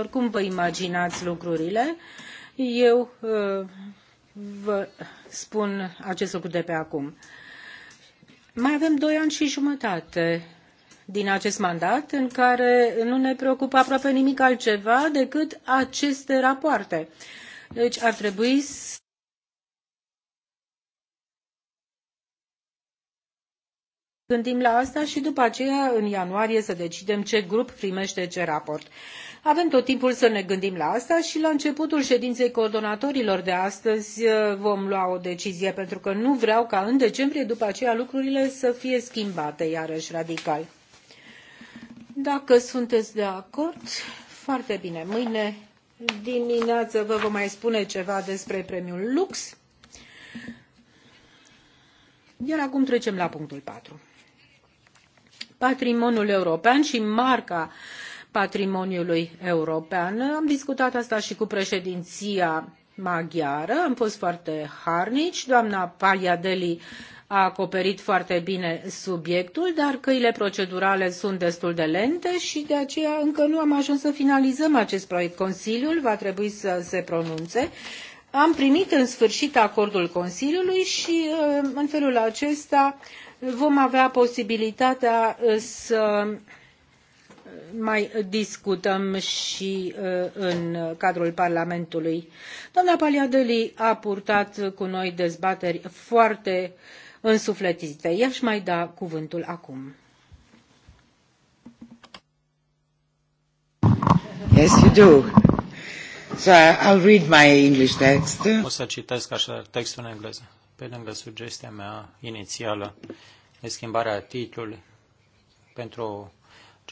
Oricum vă imaginați lucrurile, eu uh, vă spun acest lucru de pe acum. Mai avem doi ani și jumătate din acest mandat în care nu ne preocupă aproape nimic altceva decât aceste rapoarte. Deci ar trebui să gândim la asta și după aceea în ianuarie să decidem ce grup primește ce raport. Avem tot timpul să ne gândim la asta și la începutul ședinței coordonatorilor de astăzi uh, vom lua o decizie, pentru că nu vreau ca în decembrie după aceea lucrurile să fie schimbate iarăși radical. Dacă sunteți de acord, foarte bine. Mâine dimineață vă vom mai spune ceva despre premiul Lux. Iar acum trecem la punctul 4. Patrimoniul european și marca patrimoniului european. Am discutat asta și cu președinția maghiară, am fost foarte harnici, doamna Paiadeli a acoperit foarte bine subiectul, dar căile procedurale sunt destul de lente și de aceea încă nu am ajuns să finalizăm acest proiect. Consiliul va trebui să se pronunțe. Am primit în sfârșit acordul Consiliului și uh, în felul acesta vom avea posibilitatea uh, să mai discutăm și uh, în cadrul Parlamentului. Doamna Paliadeli a purtat cu noi dezbateri foarte însufletite. I-aș mai da cuvântul acum. Yes, you do. So I'll read my English text. O să citesc așa textul în engleză. Pe lângă sugestia mea inițială de schimbarea titlului pentru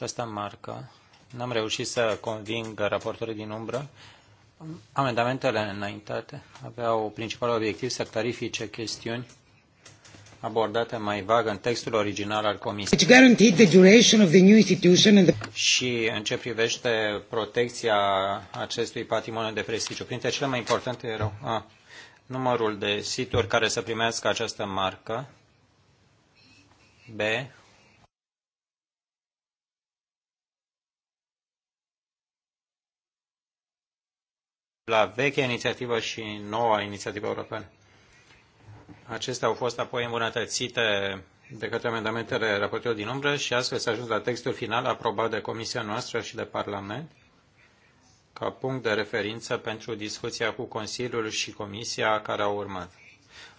această marcă. N-am reușit să conving raportorii din umbră. Amendamentele înaintate aveau principal obiectiv să clarifice chestiuni abordate mai vag în textul original al Comisiei. Și în ce privește protecția acestui patrimoniu de prestigiu. Printre cele mai importante erau a, numărul de situri care să primească această marcă, B, la vechea inițiativă și noua inițiativă europeană. Acestea au fost apoi îmbunătățite de către amendamentele raportului din umbră și astfel s-a ajuns la textul final aprobat de Comisia noastră și de Parlament ca punct de referință pentru discuția cu Consiliul și Comisia care au urmat.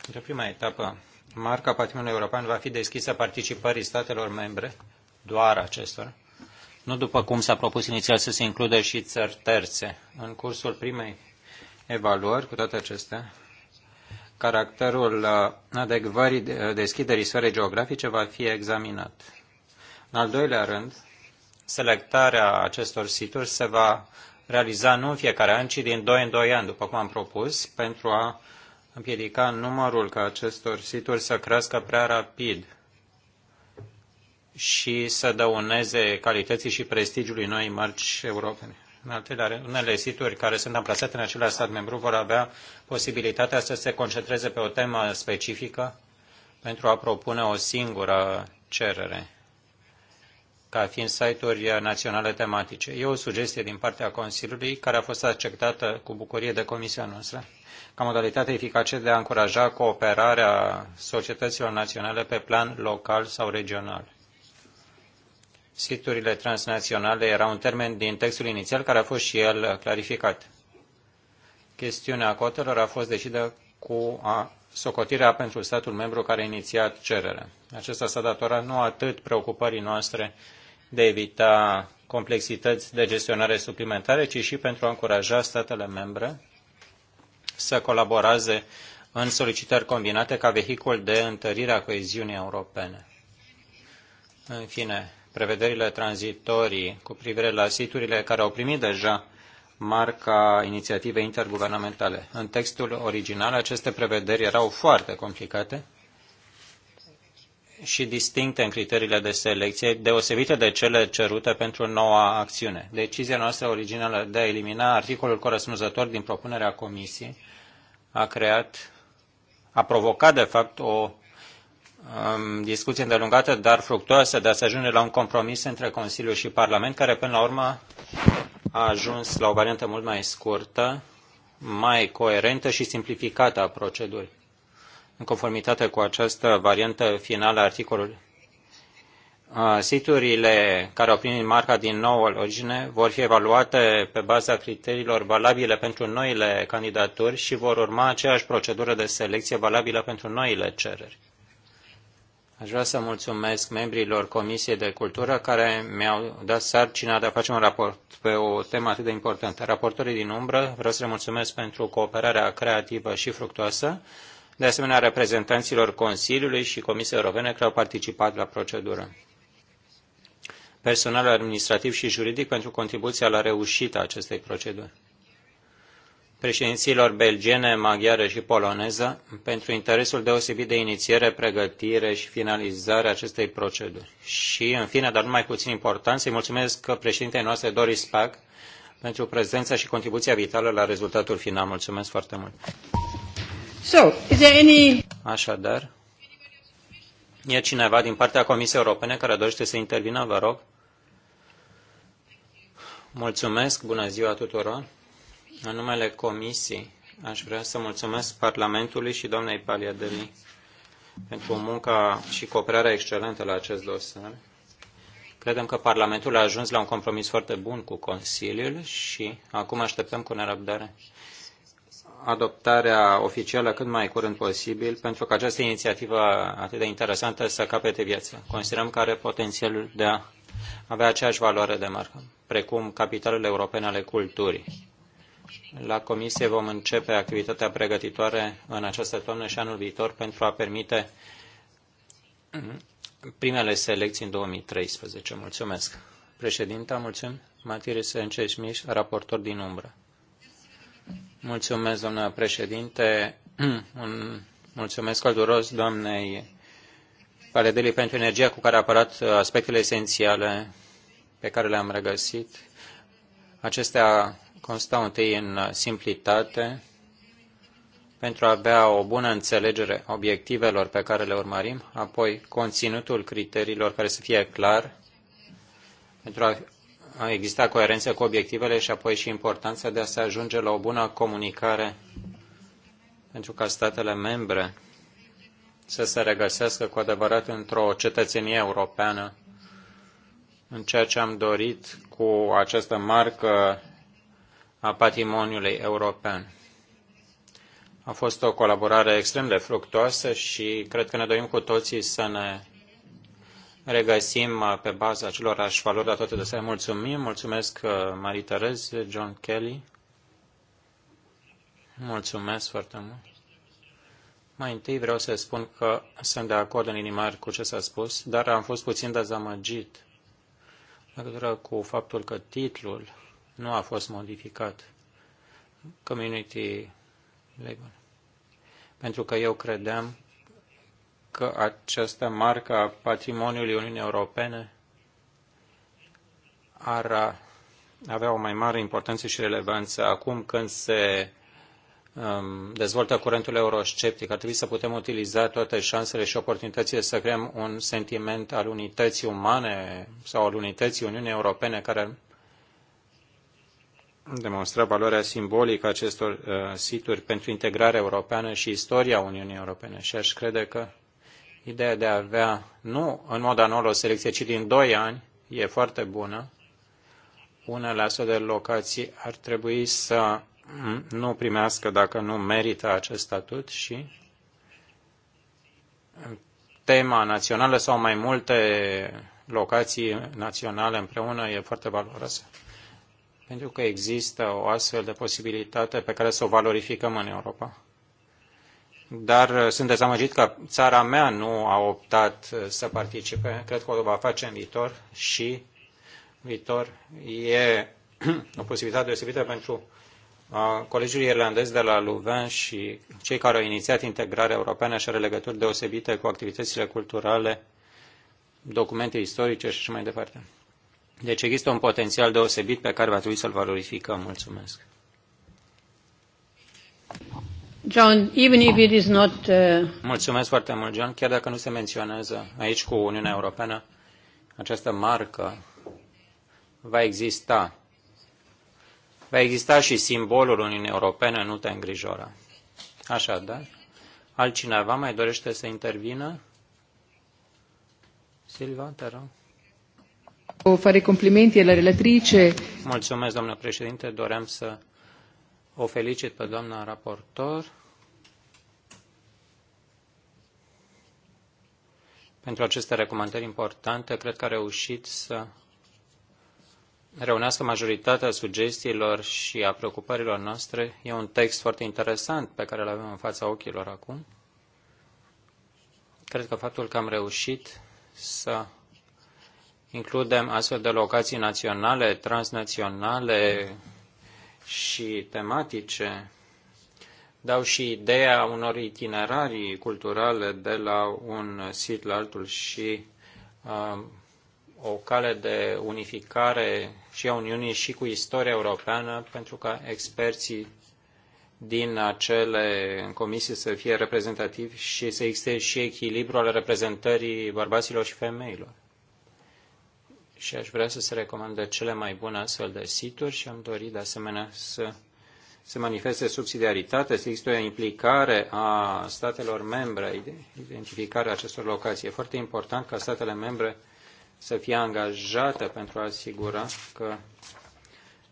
Într-o prima etapă, marca patrimoniului european va fi deschisă participării statelor membre, doar acestora, nu după cum s-a propus inițial să se includă și țări terțe. În cursul primei evaluări, cu toate acestea, caracterul uh, adecvării uh, deschiderii sferei geografice va fi examinat. În al doilea rând, selectarea acestor situri se va realiza nu în fiecare an, ci din 2 în 2 ani, după cum am propus, pentru a împiedica numărul ca acestor situri să crească prea rapid și să dăuneze calității și prestigiului noi mărci europene. În al treilea rând, unele situri care sunt amplasate în același stat membru vor avea posibilitatea să se concentreze pe o temă specifică pentru a propune o singură cerere ca fiind site-uri naționale tematice. E o sugestie din partea Consiliului care a fost acceptată cu bucurie de Comisia noastră ca modalitate eficace de a încuraja cooperarea societăților naționale pe plan local sau regional. Siturile transnaționale era un termen din textul inițial care a fost și el clarificat. Chestiunea cotelor a fost decidă cu a socotirea pentru statul membru care a inițiat cererea. Acesta s-a datorat nu atât preocupării noastre de a evita complexități de gestionare suplimentare, ci și pentru a încuraja statele membre să colaboreze în solicitări combinate ca vehicul de întărire a coeziunii europene. În fine, prevederile tranzitorii cu privire la siturile care au primit deja marca inițiativei interguvernamentale. În textul original, aceste prevederi erau foarte complicate și distincte în criteriile de selecție, deosebite de cele cerute pentru noua acțiune. Decizia noastră originală de a elimina articolul corespunzător din propunerea Comisiei a creat, a provocat, de fapt, o um, discuție îndelungată, dar fructoasă, de a se ajunge la un compromis între Consiliu și Parlament, care până la urmă a ajuns la o variantă mult mai scurtă, mai coerentă și simplificată a procedurii. În conformitate cu această variantă finală a articolului, siturile care au primit marca din noul origine vor fi evaluate pe baza criteriilor valabile pentru noile candidaturi și vor urma aceeași procedură de selecție valabilă pentru noile cereri. Aș vrea să mulțumesc membrilor Comisiei de Cultură care mi-au dat sarcina de a face un raport pe o temă atât de importantă. Raportorii din umbră, vreau să le mulțumesc pentru cooperarea creativă și fructoasă, de asemenea reprezentanților Consiliului și Comisiei Europene care au participat la procedură. Personalul administrativ și juridic pentru contribuția la reușita acestei proceduri președinților belgiene, maghiară și poloneză pentru interesul deosebit de inițiere, pregătire și finalizare acestei proceduri. Și, în fine, dar nu mai puțin important, să-i mulțumesc președintei noastre Doris Pack pentru prezența și contribuția vitală la rezultatul final. Mulțumesc foarte mult. So, is there any... Așadar, e cineva din partea Comisiei Europene care dorește să intervină, vă rog. Mulțumesc, bună ziua tuturor. În numele Comisiei, aș vrea să mulțumesc Parlamentului și doamnei Paliadeli pentru munca și cooperarea excelentă la acest dosar. Credem că Parlamentul a ajuns la un compromis foarte bun cu Consiliul și acum așteptăm cu nerăbdare adoptarea oficială cât mai curând posibil, pentru că această inițiativă atât de interesantă să capete viață. Considerăm că are potențialul de a avea aceeași valoare de marcă, precum capitalele europene ale culturii. La comisie vom începe activitatea pregătitoare în această toamnă și anul viitor pentru a permite primele selecții în 2013. Mulțumesc. Președinta, mulțumim. Matiris Înceșmiș, raportor din umbră. Mulțumesc, doamna președinte. Mulțumesc călduros doamnei Paledeli pentru energia cu care a apărat aspectele esențiale pe care le-am regăsit. Acestea consta întâi în uh, simplitate, pentru a avea o bună înțelegere a obiectivelor pe care le urmărim, apoi conținutul criteriilor care să fie clar, pentru a exista coerență cu obiectivele și apoi și importanța de a se ajunge la o bună comunicare pentru ca statele membre să se regăsească cu adevărat într-o cetățenie europeană în ceea ce am dorit cu această marcă a patrimoniului european. A fost o colaborare extrem de fructoasă și cred că ne dorim cu toții să ne regăsim uh, pe baza acelor ași valori toate de să Mulțumim, mulțumesc uh, Marie Tereze, John Kelly. Mulțumesc foarte mult. Mai întâi vreau să spun că sunt de acord în inimar cu ce s-a spus, dar am fost puțin dezamăgit legătură cu faptul că titlul nu a fost modificat. Community label. Pentru că eu credeam că această marcă a patrimoniului Uniunii Europene ar avea o mai mare importanță și relevanță acum când se um, dezvoltă curentul eurosceptic. Ar trebui să putem utiliza toate șansele și oportunitățile să creăm un sentiment al unității umane sau al unității Uniunii Europene care demonstra valoarea simbolică acestor uh, situri pentru integrarea europeană și istoria Uniunii Europene. Și aș crede că ideea de a avea, nu în mod anual o selecție, ci din 2 ani, e foarte bună. Unele astfel de locații ar trebui să nu primească, dacă nu merită acest statut și tema națională sau mai multe locații naționale împreună e foarte valoroasă pentru că există o astfel de posibilitate pe care să o valorificăm în Europa. Dar uh, sunt dezamăgit că țara mea nu a optat uh, să participe. Cred că o va face în viitor și viitor e o posibilitate deosebită pentru uh, colegiul irlandez de la Louvain și cei care au inițiat integrarea europeană și are legături deosebite cu activitățile culturale, documente istorice și așa mai departe. Deci există un potențial deosebit pe care va trebui să-l valorificăm. Mulțumesc. John, even if it is not, uh... Mulțumesc foarte mult, John. Chiar dacă nu se menționează aici cu Uniunea Europeană, această marcă va exista. Va exista și simbolul Uniunii Europene, nu te îngrijora. Așadar, altcineva mai dorește să intervină? Silva, te rog. O fare complimenti la relatrice. Mulțumesc, doamnă președinte. Doream să o felicit pe doamna raportor pentru aceste recomandări importante. Cred că a reușit să reunească majoritatea sugestiilor și a preocupărilor noastre. E un text foarte interesant pe care îl avem în fața ochilor acum. Cred că faptul că am reușit să Includem astfel de locații naționale, transnaționale și tematice. Dau și ideea unor itinerarii culturale de la un sit la altul și uh, o cale de unificare și a Uniunii și cu istoria europeană, pentru ca experții din acele comisii să fie reprezentativi și să existe și echilibru al reprezentării bărbaților și femeilor și aș vrea să se recomandă cele mai bune astfel de situri și am dorit de asemenea să se manifeste subsidiaritate, să există o implicare a statelor membre, identificarea acestor locații. E foarte important ca statele membre să fie angajate pentru a asigura că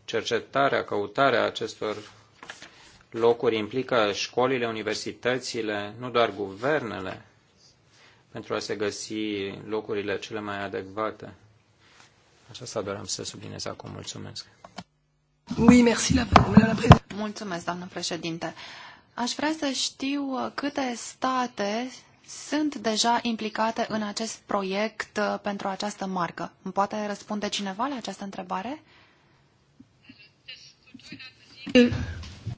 cercetarea, căutarea acestor locuri implică școlile, universitățile, nu doar guvernele, pentru a se găsi locurile cele mai adecvate. Aceasta doream să subliniez acum. Mulțumesc. Oui, merci, la, la, la Mulțumesc, doamnă președinte. Aș vrea să știu uh, câte state sunt deja implicate în acest proiect uh, pentru această marcă. Îmi poate răspunde cineva la această întrebare?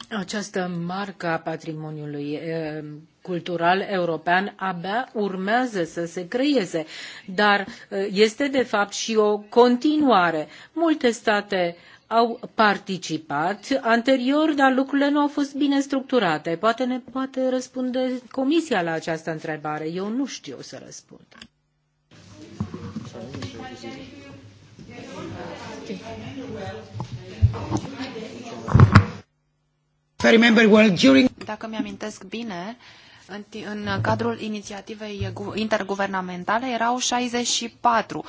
Această marcă a patrimoniului uh, cultural european abia urmează să se creeze, dar eh, este de fapt și o continuare. Multe state au participat anterior, dar lucrurile nu au fost bine structurate. Poate ne poate răspunde Comisia la această întrebare. Eu nu știu să răspund. Dacă mi-amintesc bine, în, în cadrul inițiativei interguvernamentale erau 64.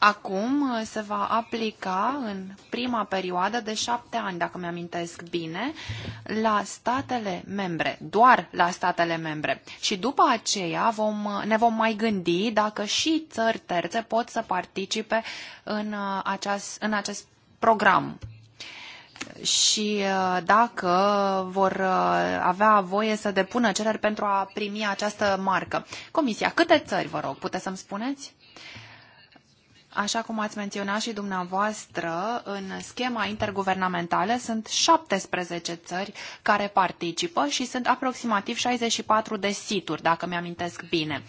Acum uh, se va aplica în prima perioadă de șapte ani, dacă mi-amintesc bine, la statele membre, doar la statele membre. Și după aceea vom, uh, ne vom mai gândi dacă și țări terțe pot să participe în, uh, aceas, în acest program și uh, dacă vor uh, avea voie să depună cereri pentru a primi această marcă. Comisia, câte țări, vă rog, puteți să-mi spuneți? Așa cum ați menționat și dumneavoastră, în schema interguvernamentală sunt 17 țări care participă și sunt aproximativ 64 de situri, dacă mi-amintesc bine.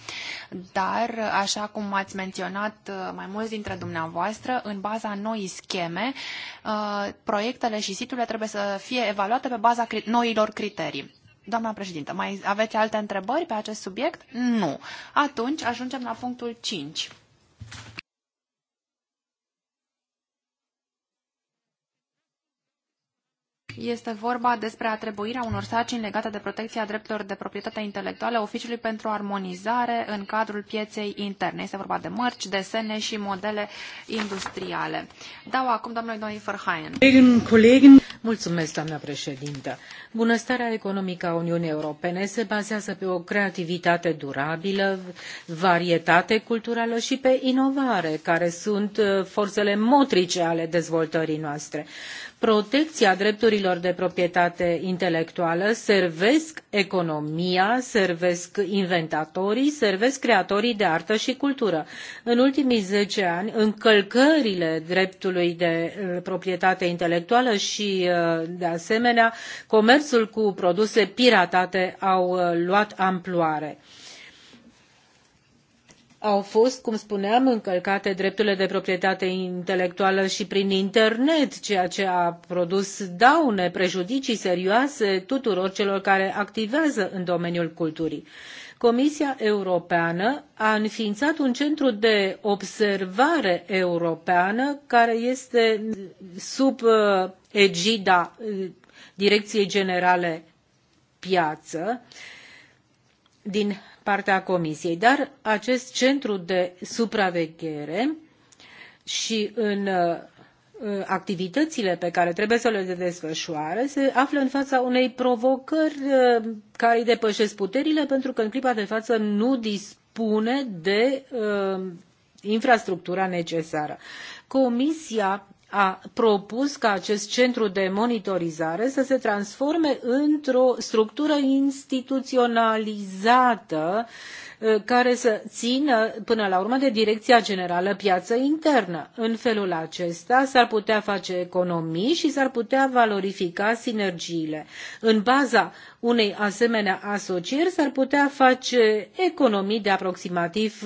Dar, așa cum ați menționat uh, mai mulți dintre dumneavoastră, în baza noii scheme, uh, proiectele și siturile trebuie să fie evaluate pe baza noilor criterii. Doamna președintă, mai aveți alte întrebări pe acest subiect? Nu. Atunci ajungem la punctul 5. Este vorba despre atribuirea unor sarcini legate de protecția drepturilor de proprietate intelectuală Oficiului pentru Armonizare în cadrul pieței interne. Este vorba de mărci, desene și modele industriale. Dau acum domnului Donny Verheyen. Mulțumesc, doamna președintă. Bunăstarea economică a Uniunii Europene se bazează pe o creativitate durabilă, varietate culturală și pe inovare, care sunt uh, forțele motrice ale dezvoltării noastre protecția drepturilor de proprietate intelectuală servesc economia, servesc inventatorii, servesc creatorii de artă și cultură. În ultimii zece ani, încălcările dreptului de uh, proprietate intelectuală și, uh, de asemenea, comerțul cu produse piratate au uh, luat amploare au fost, cum spuneam, încălcate drepturile de proprietate intelectuală și prin internet, ceea ce a produs daune, prejudicii serioase tuturor celor care activează în domeniul culturii. Comisia Europeană a înființat un centru de observare europeană care este sub uh, egida uh, Direcției Generale Piață din partea Comisiei. Dar acest centru de supraveghere și în uh, activitățile pe care trebuie să le desfășoare se află în fața unei provocări uh, care îi depășesc puterile pentru că în clipa de față nu dispune de uh, infrastructura necesară. Comisia a propus ca acest centru de monitorizare să se transforme într-o structură instituționalizată uh, care să țină până la urmă de Direcția Generală Piață Internă. În felul acesta s-ar putea face economii și s-ar putea valorifica sinergiile. În baza unei asemenea asocieri s-ar putea face economii de aproximativ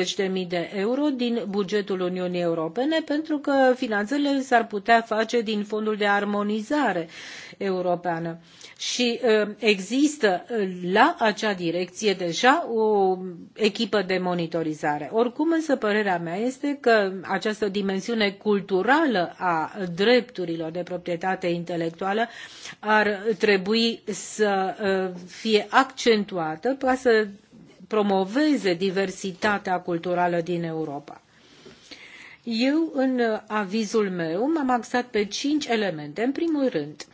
40.000 de euro din bugetul Uniunii Europene, pentru că finanțele s-ar putea face din fondul de armonizare europeană. Și uh, există la acea direcție deja o echipă de monitorizare. Oricum, însă, părerea mea este că această dimensiune culturală a drepturilor de proprietate intelectuală ar trebui să să ă, fie accentuată ca să promoveze diversitatea culturală din Europa. Eu, în avizul meu, m-am axat pe cinci elemente. În primul rând,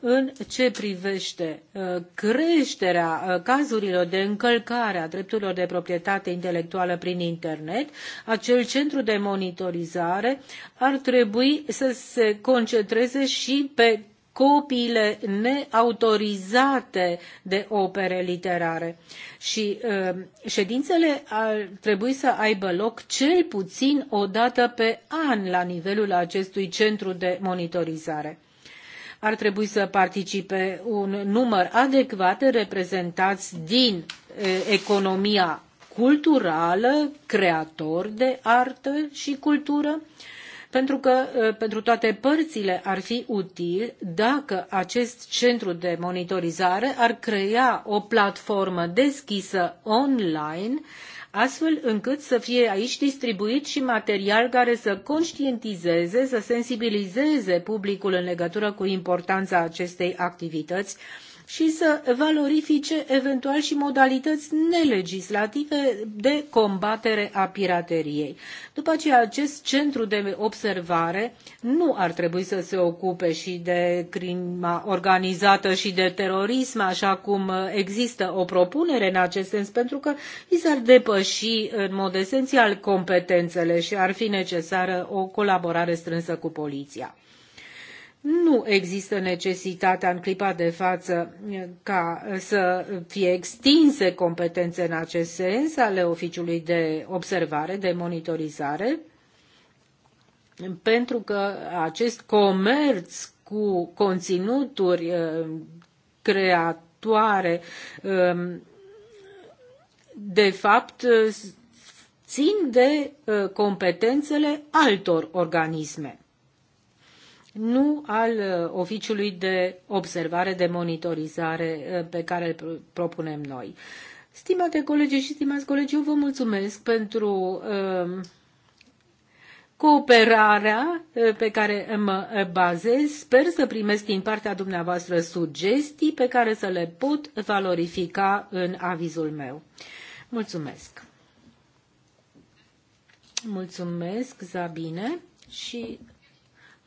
în ce privește ă, creșterea ă, cazurilor de încălcare a drepturilor de proprietate intelectuală prin internet, acel centru de monitorizare ar trebui să se concentreze și pe copiile neautorizate de opere literare. Și ă, ședințele ar trebui să aibă loc cel puțin o dată pe an la nivelul acestui centru de monitorizare ar trebui să participe un număr adecvat de reprezentați din ă, economia culturală, creatori de artă și cultură, pentru că ă, pentru toate părțile ar fi util dacă acest centru de monitorizare ar crea o platformă deschisă online astfel încât să fie aici distribuit și material care să conștientizeze, să sensibilizeze publicul în legătură cu importanța acestei activități și să valorifice eventual și modalități nelegislative de combatere a pirateriei. După aceea, acest centru de observare nu ar trebui să se ocupe și de crima organizată și de terorism, așa cum există o propunere în acest sens, pentru că i s-ar depăși în mod esențial competențele și ar fi necesară o colaborare strânsă cu poliția nu există necesitatea în clipa de față eh, ca eh, să fie extinse competențe în acest sens ale oficiului de observare, de monitorizare, pentru că acest comerț cu conținuturi eh, creatoare, de fapt, țin de competențele altor organisme nu al uh, oficiului de observare, de monitorizare uh, pe care îl propunem noi. Stimate colegi și stimați colegi, eu vă mulțumesc pentru um, cooperarea uh, pe care mă bazez. Sper să primesc din partea dumneavoastră sugestii pe care să le pot valorifica în avizul meu. Mulțumesc! Mulțumesc, Zabine, și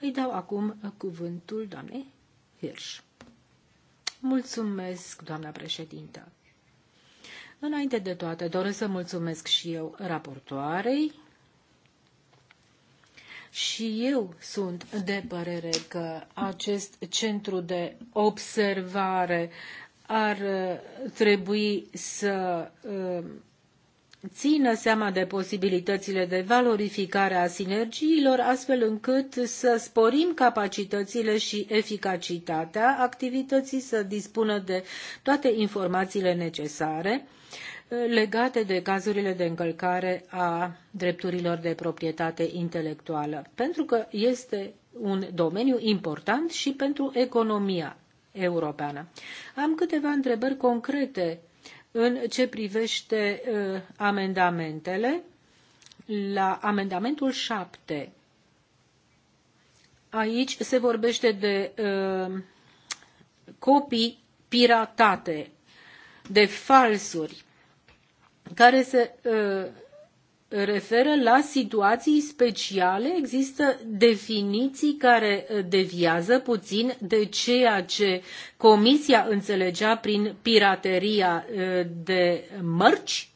îi dau acum cuvântul doamnei Hirsch. Mulțumesc, doamna președintă. Înainte de toate, doresc să mulțumesc și eu raportoarei. Și eu sunt de părere că acest centru de observare ar trebui să um, țină seama de posibilitățile de valorificare a sinergiilor, astfel încât să sporim capacitățile și eficacitatea activității, să dispună de toate informațiile necesare eh, legate de cazurile de încălcare a drepturilor de proprietate intelectuală, pentru că este un domeniu important și pentru economia europeană. Am câteva întrebări concrete în ce privește uh, amendamentele, la amendamentul 7, aici se vorbește de uh, copii piratate, de falsuri, care se uh, referă la situații speciale, există definiții care uh, deviază puțin de ceea ce Comisia înțelegea prin pirateria uh, de mărci.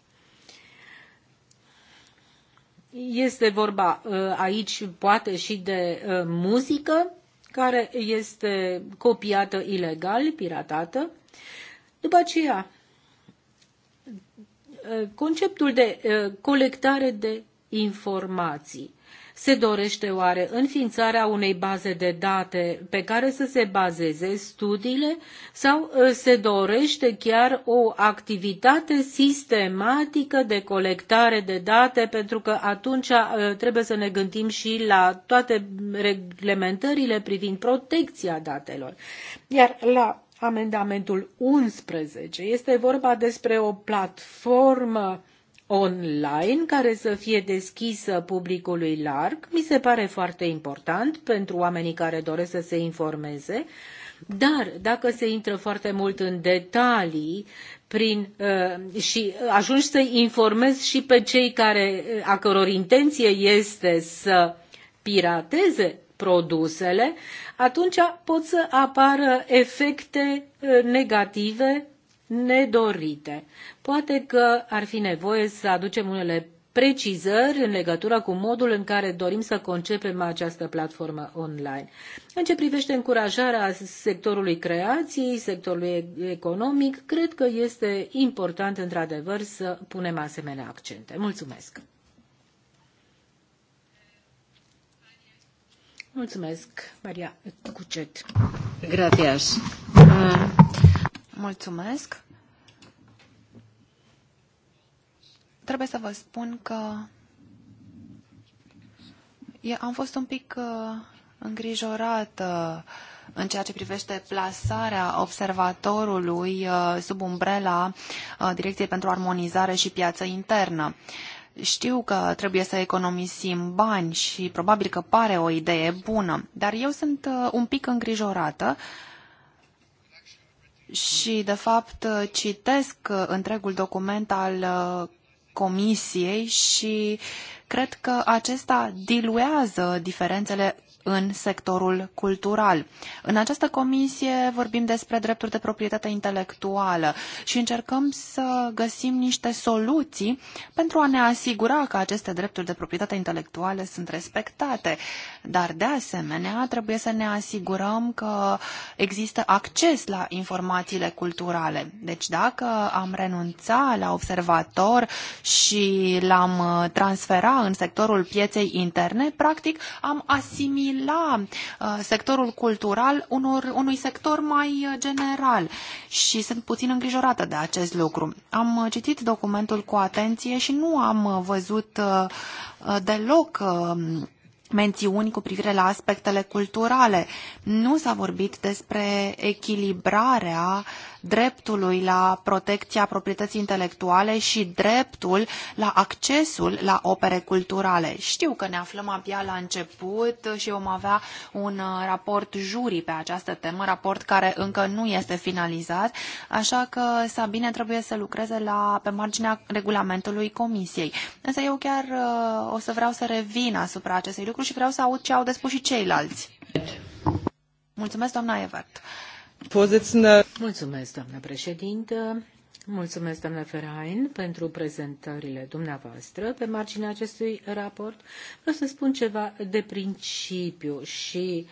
Este vorba uh, aici poate și de muzică care este copiată ilegal, piratată. După aceea, Uh, conceptul de uh, colectare de informații. Se dorește oare înființarea unei baze de date pe care să se bazeze studiile sau uh, se dorește chiar o activitate sistematică de colectare de date pentru că atunci trebuie să ne gândim și la toate reglementările privind protecția datelor. Iar la amendamentul 11. Este vorba despre o platformă online care să fie deschisă publicului larg. Mi se pare foarte important pentru oamenii care doresc să se informeze, dar dacă se intră foarte mult în detalii prin, uh, și ajungi să informezi și pe cei care, uh, a căror intenție este să pirateze, produsele, atunci pot să apară efecte uh, negative nedorite. Poate că ar fi nevoie să aducem unele precizări în legătură cu modul în care dorim să concepem această platformă online. În ce privește încurajarea sectorului creației, sectorului economic, cred că este important într-adevăr să punem asemenea accente. Mulțumesc! Mulțumesc, Maria Cucet. Gracias. Ah, mulțumesc. Trebuie să vă spun că am fost un pic uh, îngrijorată în ceea ce privește plasarea observatorului uh, sub umbrela uh, Direcției pentru Armonizare și Piață Internă. Știu că trebuie să economisim bani și probabil că pare o idee bună, dar eu sunt uh, un pic îngrijorată și, de fapt, uh, citesc uh, întregul document al Comisiei și cred că acesta diluează diferențele în sectorul cultural. În această comisie vorbim despre drepturi de proprietate intelectuală și încercăm să găsim niște soluții pentru a ne asigura că aceste drepturi de proprietate intelectuală sunt respectate. Dar, de asemenea, trebuie să ne asigurăm că există acces la informațiile culturale. Deci, dacă am renunțat la observator și l-am transfera în sectorul pieței interne, practic am asimilat la uh, sectorul cultural unor, unui sector mai uh, general și sunt puțin îngrijorată de acest lucru. Am uh, citit documentul cu atenție și nu am văzut deloc mențiuni cu privire la aspectele culturale. Nu s-a vorbit despre echilibrarea uh, dreptului la protecția proprietății intelectuale și dreptul la accesul la opere culturale. Știu că ne aflăm abia la început și vom avea un uh, raport juri pe această temă, raport care încă nu este finalizat, așa că Sabine trebuie să lucreze la, pe marginea regulamentului comisiei. Însă eu chiar uh, o să vreau să revin asupra acestui lucru și vreau să aud ce au de spus și ceilalți. Mulțumesc, doamna Evert. Mulțumesc, doamnă președintă. Mulțumesc, doamnă Ferain, pentru prezentările dumneavoastră pe marginea acestui raport. Vreau să spun ceva de principiu și uh,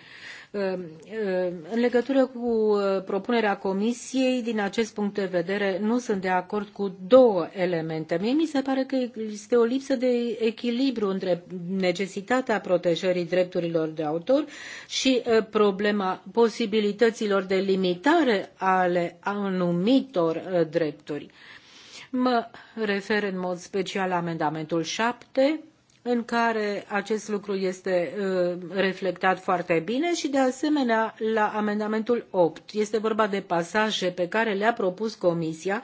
în legătură cu uh, propunerea Comisiei, din acest punct de vedere, nu sunt de acord cu două elemente. Mie mi se pare că este o lipsă de echilibru între necesitatea protejării drepturilor de autor și uh, problema posibilităților de limitare ale anumitor uh, drepturi. Mă refer în mod special la amendamentul 7, în care acest lucru este uh, reflectat foarte bine și de asemenea la amendamentul 8. Este vorba de pasaje pe care le-a propus Comisia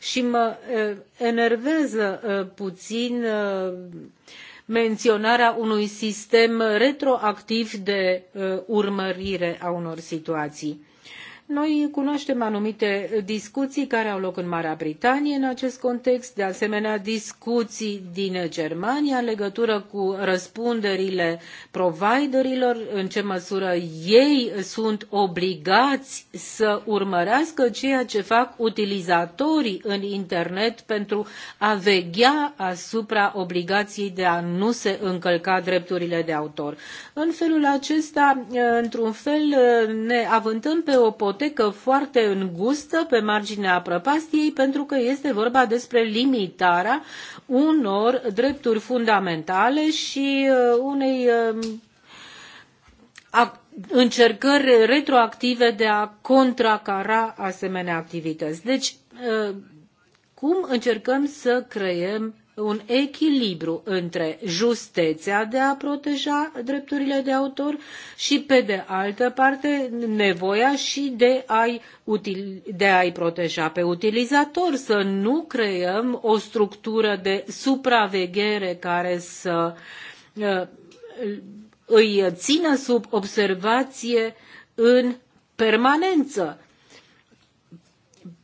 și mă uh, enervează uh, puțin menționarea unui sistem retroactiv de urmărire a unor situații noi cunoaștem anumite discuții care au loc în Marea Britanie în acest context, de asemenea discuții din Germania în legătură cu răspunderile providerilor, în ce măsură ei sunt obligați să urmărească ceea ce fac utilizatorii în internet pentru a veghea asupra obligației de a nu se încălca drepturile de autor. În felul acesta, într-un fel, ne avântăm pe o pot potecă foarte îngustă pe marginea prăpastiei pentru că este vorba despre limitarea unor drepturi fundamentale și uh, unei um, încercări retroactive de a contracara asemenea activități. Deci, uh, cum încercăm să creăm un echilibru între justețea de a proteja drepturile de autor și, pe de altă parte, nevoia și de a-i, util, de a-i proteja pe utilizator, să nu creăm o structură de supraveghere care să uh, îi țină sub observație în permanență.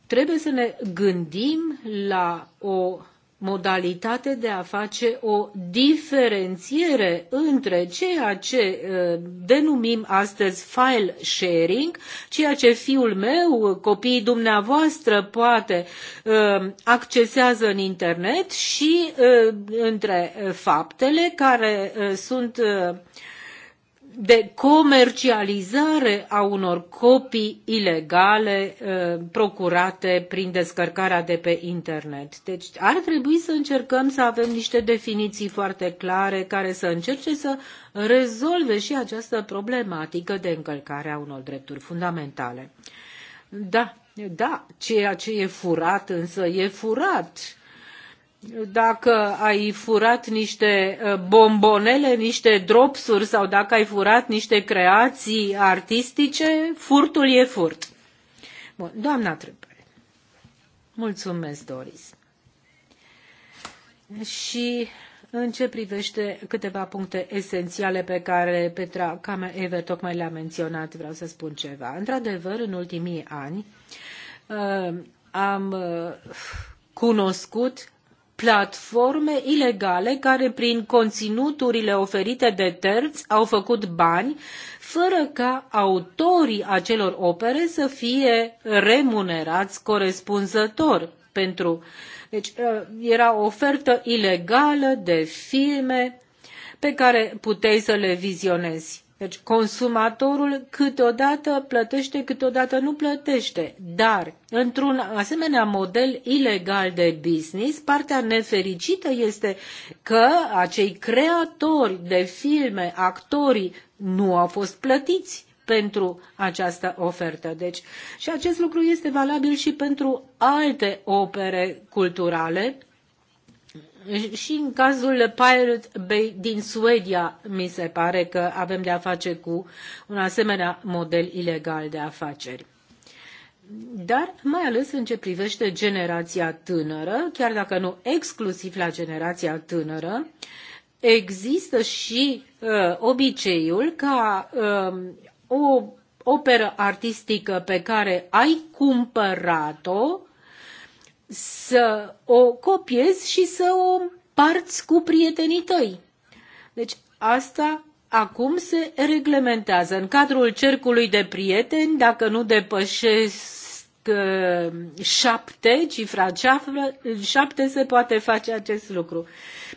Trebuie să ne gândim la o modalitate de a face o diferențiere între ceea ce uh, denumim astăzi file sharing, ceea ce fiul meu, copiii dumneavoastră poate uh, accesează în internet și uh, între faptele care sunt uh, de comercializare a unor copii ilegale uh, procurate prin descărcarea de pe internet. Deci ar trebui să încercăm să avem niște definiții foarte clare care să încerce să rezolve și această problematică de încălcare a unor drepturi fundamentale. Da, da, ceea ce e furat însă e furat dacă ai furat niște uh, bombonele, niște dropsuri sau dacă ai furat niște creații artistice, furtul e furt. Bun, doamna Trepere. Mulțumesc, Doris. Și în ce privește câteva puncte esențiale pe care Petra Kamer-Ever tocmai le-a menționat, vreau să spun ceva. Într-adevăr, în ultimii ani uh, am uh, cunoscut platforme ilegale care prin conținuturile oferite de terți au făcut bani fără ca autorii acelor opere să fie remunerați corespunzător pentru deci ă, era o ofertă ilegală de filme pe care puteai să le vizionezi. Deci consumatorul câteodată plătește, câteodată nu plătește, dar într-un asemenea model ilegal de business, partea nefericită este că acei creatori de filme, actorii, nu au fost plătiți pentru această ofertă. Deci, și acest lucru este valabil și pentru alte opere culturale și în cazul Pirate Bay din Suedia, mi se pare că avem de a face cu un asemenea model ilegal de afaceri dar mai ales în ce privește generația tânără, chiar dacă nu exclusiv la generația tânără, există și uh, obiceiul ca uh, o operă artistică pe care ai cumpărat-o să o copiezi și să o parți cu prietenii tăi. Deci asta acum se reglementează în cadrul cercului de prieteni, dacă nu depășesc Uh, șapte, cifra șapte se poate face acest lucru.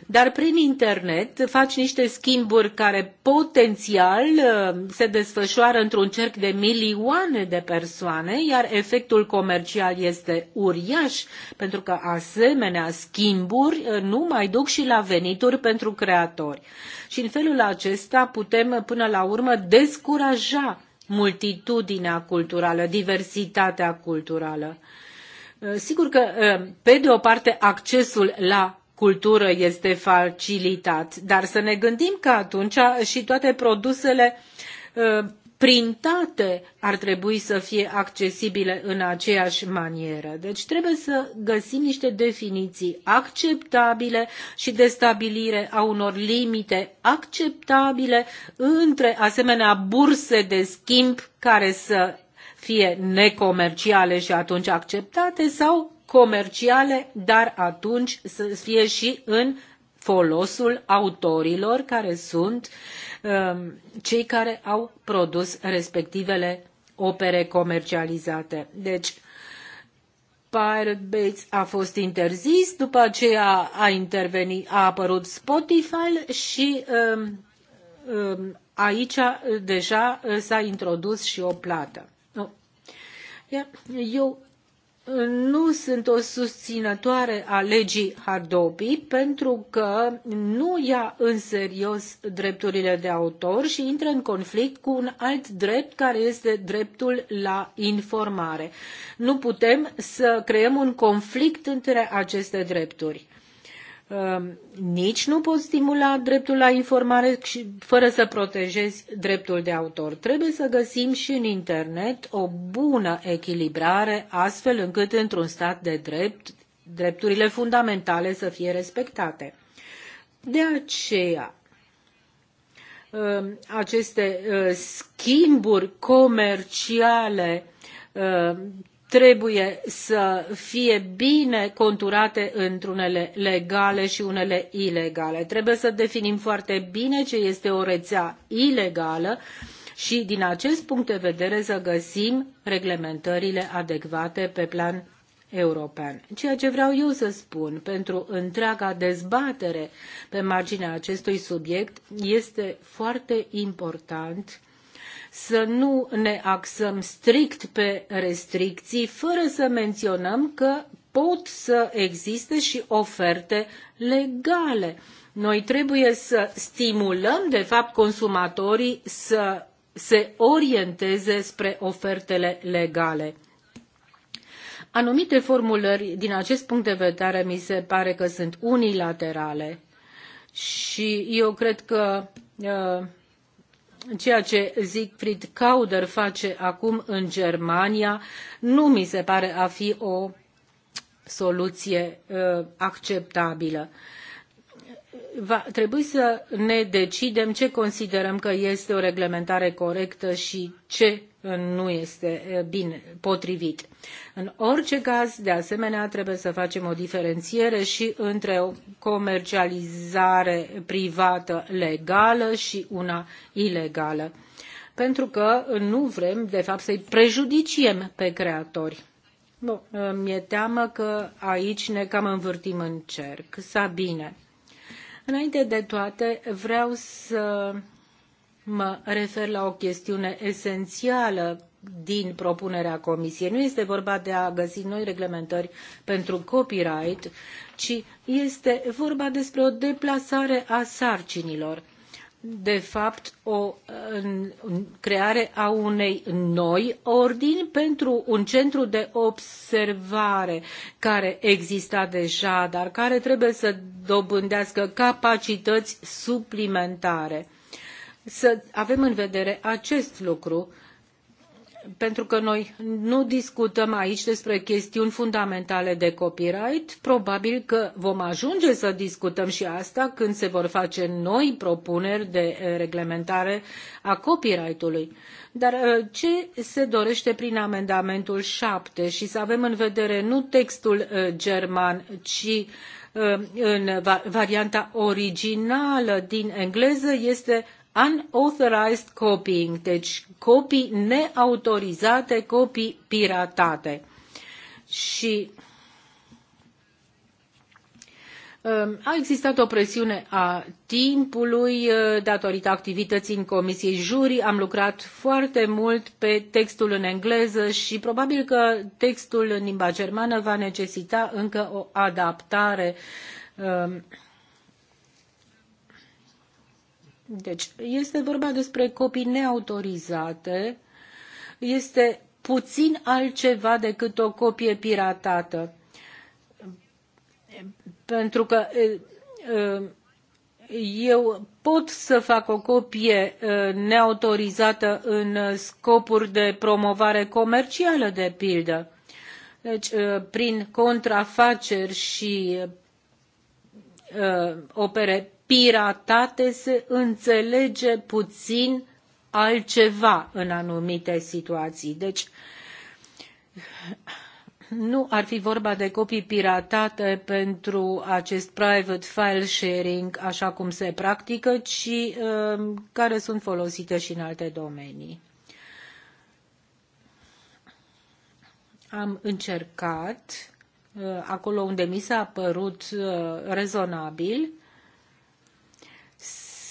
Dar prin internet faci niște schimburi care potențial uh, se desfășoară într-un cerc de milioane de persoane, iar efectul comercial este uriaș, pentru că asemenea schimburi uh, nu mai duc și la venituri pentru creatori. Și în felul acesta putem până la urmă descuraja multitudinea culturală, diversitatea culturală. Uh, sigur că, uh, pe de o parte, accesul la cultură este facilitat, dar să ne gândim că atunci și toate produsele uh, printate ar trebui să fie accesibile în aceeași manieră. Deci trebuie să găsim niște definiții acceptabile și de stabilire a unor limite acceptabile între asemenea burse de schimb care să fie necomerciale și atunci acceptate sau comerciale, dar atunci să fie și în folosul autorilor care sunt uh, Um, cei care au produs respectivele opere comercializate. Deci, Pirate Bates a fost interzis, după aceea a intervenit, a apărut Spotify și um, um, aici deja s-a introdus și o plată. Eu nu sunt o susținătoare a legii Hardopi pentru că nu ia în serios drepturile de autor și intră în conflict cu un alt drept care este dreptul la informare. Nu putem să creăm un conflict între aceste drepturi. Um, nici nu poți stimula dreptul la informare și fără să protejezi dreptul de autor. Trebuie să găsim și în internet o bună echilibrare, astfel încât într-un stat de drept drepturile fundamentale să fie respectate. De aceea, um, aceste uh, schimburi comerciale um, trebuie să fie bine conturate într unele legale și unele ilegale. Trebuie să definim foarte bine ce este o rețea ilegală și din acest punct de vedere să găsim reglementările adecvate pe plan european. Ceea ce vreau eu să spun pentru întreaga dezbatere pe marginea acestui subiect este foarte important să nu ne axăm strict pe restricții, fără să menționăm că pot să existe și oferte legale. Noi trebuie să stimulăm, de fapt, consumatorii să se orienteze spre ofertele legale. Anumite formulări, din acest punct de vedere, mi se pare că sunt unilaterale și eu cred că uh, ceea ce Siegfried Kauder face acum în Germania nu mi se pare a fi o soluție uh, acceptabilă va trebui să ne decidem ce considerăm că este o reglementare corectă și ce nu este bine potrivit. În orice caz, de asemenea, trebuie să facem o diferențiere și între o comercializare privată legală și una ilegală, pentru că nu vrem, de fapt, să-i prejudiciem pe creatori. Bun, mi-e teamă că aici ne cam învârtim în cerc. Sabine. Înainte de toate, vreau să mă refer la o chestiune esențială din propunerea comisiei. Nu este vorba de a găsi noi reglementări pentru copyright, ci este vorba despre o deplasare a sarcinilor. De fapt, o creare a unei noi ordini pentru un centru de observare care exista deja, dar care trebuie să dobândească capacități suplimentare să avem în vedere acest lucru pentru că noi nu discutăm aici despre chestiuni fundamentale de copyright probabil că vom ajunge să discutăm și asta când se vor face noi propuneri de eh, reglementare a copyright ului dar eh, ce se dorește prin amendamentul șapte și să avem în vedere nu textul eh, german ci în varianta originală din engleză este unauthorized copying, deci copii neautorizate, copii piratate. Și um, a existat o presiune a timpului uh, datorită activității în Comisiei Juri. Am lucrat foarte mult pe textul în engleză și probabil că textul în limba germană va necesita încă o adaptare uh, deci este vorba despre copii neautorizate, este puțin altceva decât o copie piratată. Pentru că eu pot să fac o copie neautorizată în scopuri de promovare comercială, de pildă. Deci, prin contrafaceri și opere piratate se înțelege puțin altceva în anumite situații. Deci nu ar fi vorba de copii piratate pentru acest private file sharing așa cum se practică, ci uh, care sunt folosite și în alte domenii. Am încercat, uh, acolo unde mi s-a părut uh, rezonabil,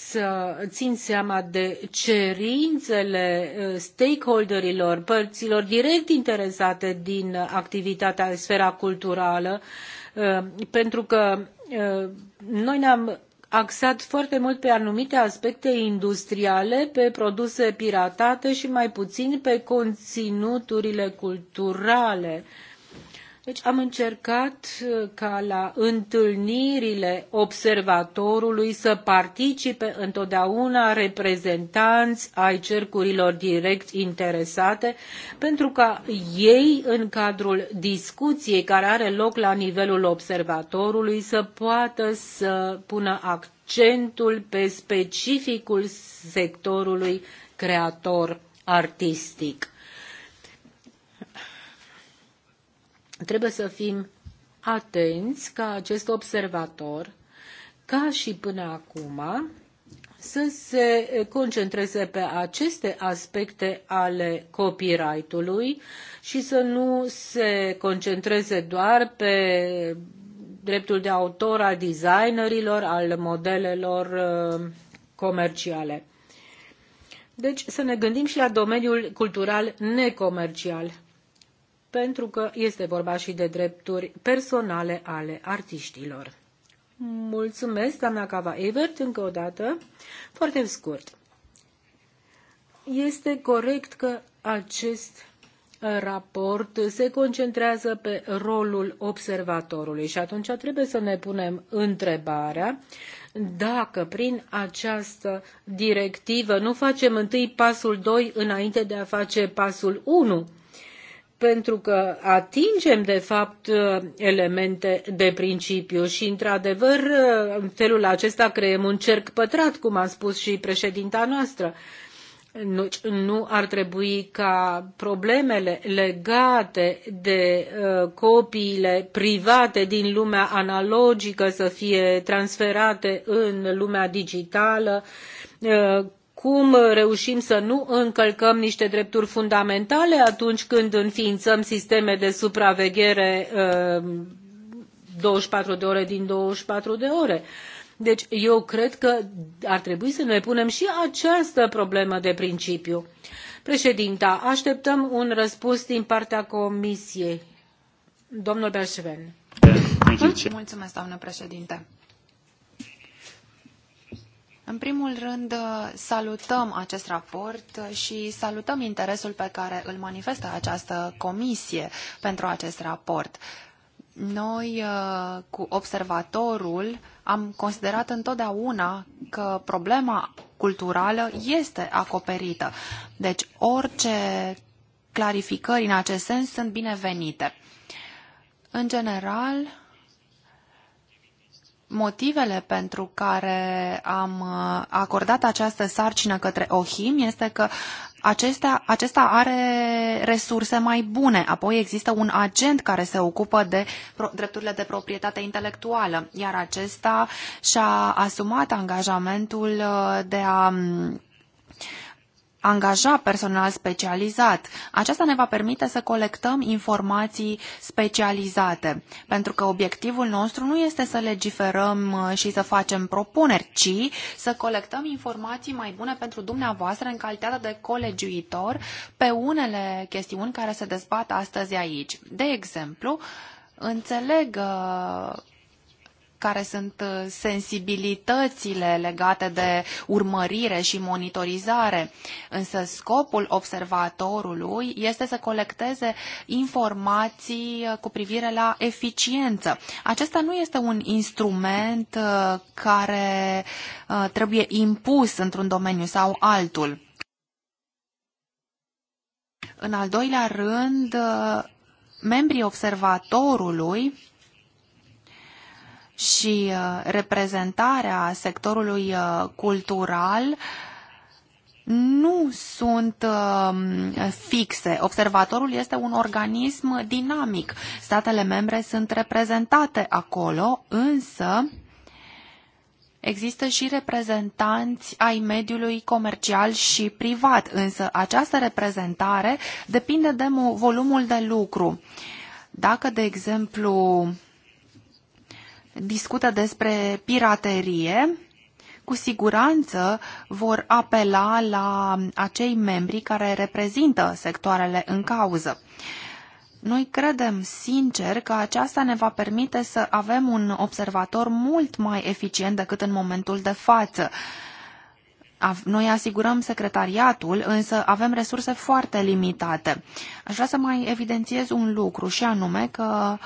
să țin seama de cerințele uh, stakeholderilor, părților direct interesate din activitatea sfera culturală, uh, pentru că uh, noi ne-am axat foarte mult pe anumite aspecte industriale, pe produse piratate și mai puțin pe conținuturile culturale deci am încercat uh, ca la întâlnirile observatorului să participe întotdeauna reprezentanți ai cercurilor direct interesate, pentru ca ei, în cadrul discuției care are loc la nivelul observatorului, să poată să pună accentul pe specificul sectorului creator artistic trebuie să fim atenți ca acest observator, ca și până acum, să se concentreze pe aceste aspecte ale copyright-ului și să nu se concentreze doar pe dreptul de autor al designerilor, al modelelor uh, comerciale. Deci să ne gândim și la domeniul cultural necomercial pentru că este vorba și de drepturi personale ale artiștilor. Mulțumesc, doamna Cava Evert, încă o dată. Foarte scurt. Este corect că acest raport se concentrează pe rolul observatorului și atunci trebuie să ne punem întrebarea dacă prin această directivă nu facem întâi pasul doi înainte de a face pasul unu pentru că atingem, de fapt, uh, elemente de principiu și, într-adevăr, uh, în felul acesta creăm un cerc pătrat, cum a spus și președinta noastră. Nu, nu ar trebui ca problemele legate de uh, copiile private din lumea analogică să fie transferate în lumea digitală, uh, cum reușim să nu încălcăm niște drepturi fundamentale atunci când înființăm sisteme de supraveghere uh, douăzeci și patru de ore din douăzeci și patru de ore. Deci eu cred că ar trebui să ne punem și această problemă de principiu. Președinta, așteptăm un răspuns din partea Comisiei. Domnul Berșven. Mulțumesc, doamnă președinte. În primul rând, salutăm acest raport și salutăm interesul pe care îl manifestă această comisie pentru acest raport. Noi, uh, cu observatorul, am considerat întotdeauna că problema culturală este acoperită. Deci, orice clarificări în acest sens sunt binevenite. În general, Motivele pentru care am uh, acordat această sarcină către OHIM este că acestea, acesta are resurse mai bune. Apoi există un agent care se ocupă de drepturile de proprietate intelectuală, iar acesta și-a asumat angajamentul uh, de a mm, angaja personal specializat. Aceasta ne va permite să colectăm informații specializate, pentru că obiectivul nostru nu este să legiferăm uh, și să facem propuneri, ci să colectăm informații mai bune pentru dumneavoastră în calitate de colegiuitor pe unele chestiuni care se dezbat astăzi aici. De exemplu, înțeleg uh, care sunt uh, sensibilitățile legate de urmărire și monitorizare. Însă scopul observatorului este să colecteze informații uh, cu privire la eficiență. Acesta nu este un instrument uh, care trebuie impus într-un domeniu sau altul. În al doilea rând, membrii observatorului și uh, reprezentarea sectorului uh, cultural nu sunt um, fixe. Observatorul este un organism dinamic. Statele membre sunt reprezentate acolo, însă Există și reprezentanți ai mediului comercial și privat, însă această reprezentare depinde de volumul de lucru. Dacă, de exemplu, discută despre piraterie, cu siguranță vor apela la acei membri care reprezintă sectoarele în cauză. Noi credem sincer că aceasta ne va permite să avem un observator mult mai eficient decât în momentul de față. Noi asigurăm secretariatul, însă avem resurse foarte limitate. Aș vrea să mai evidențiez un lucru și anume că uh,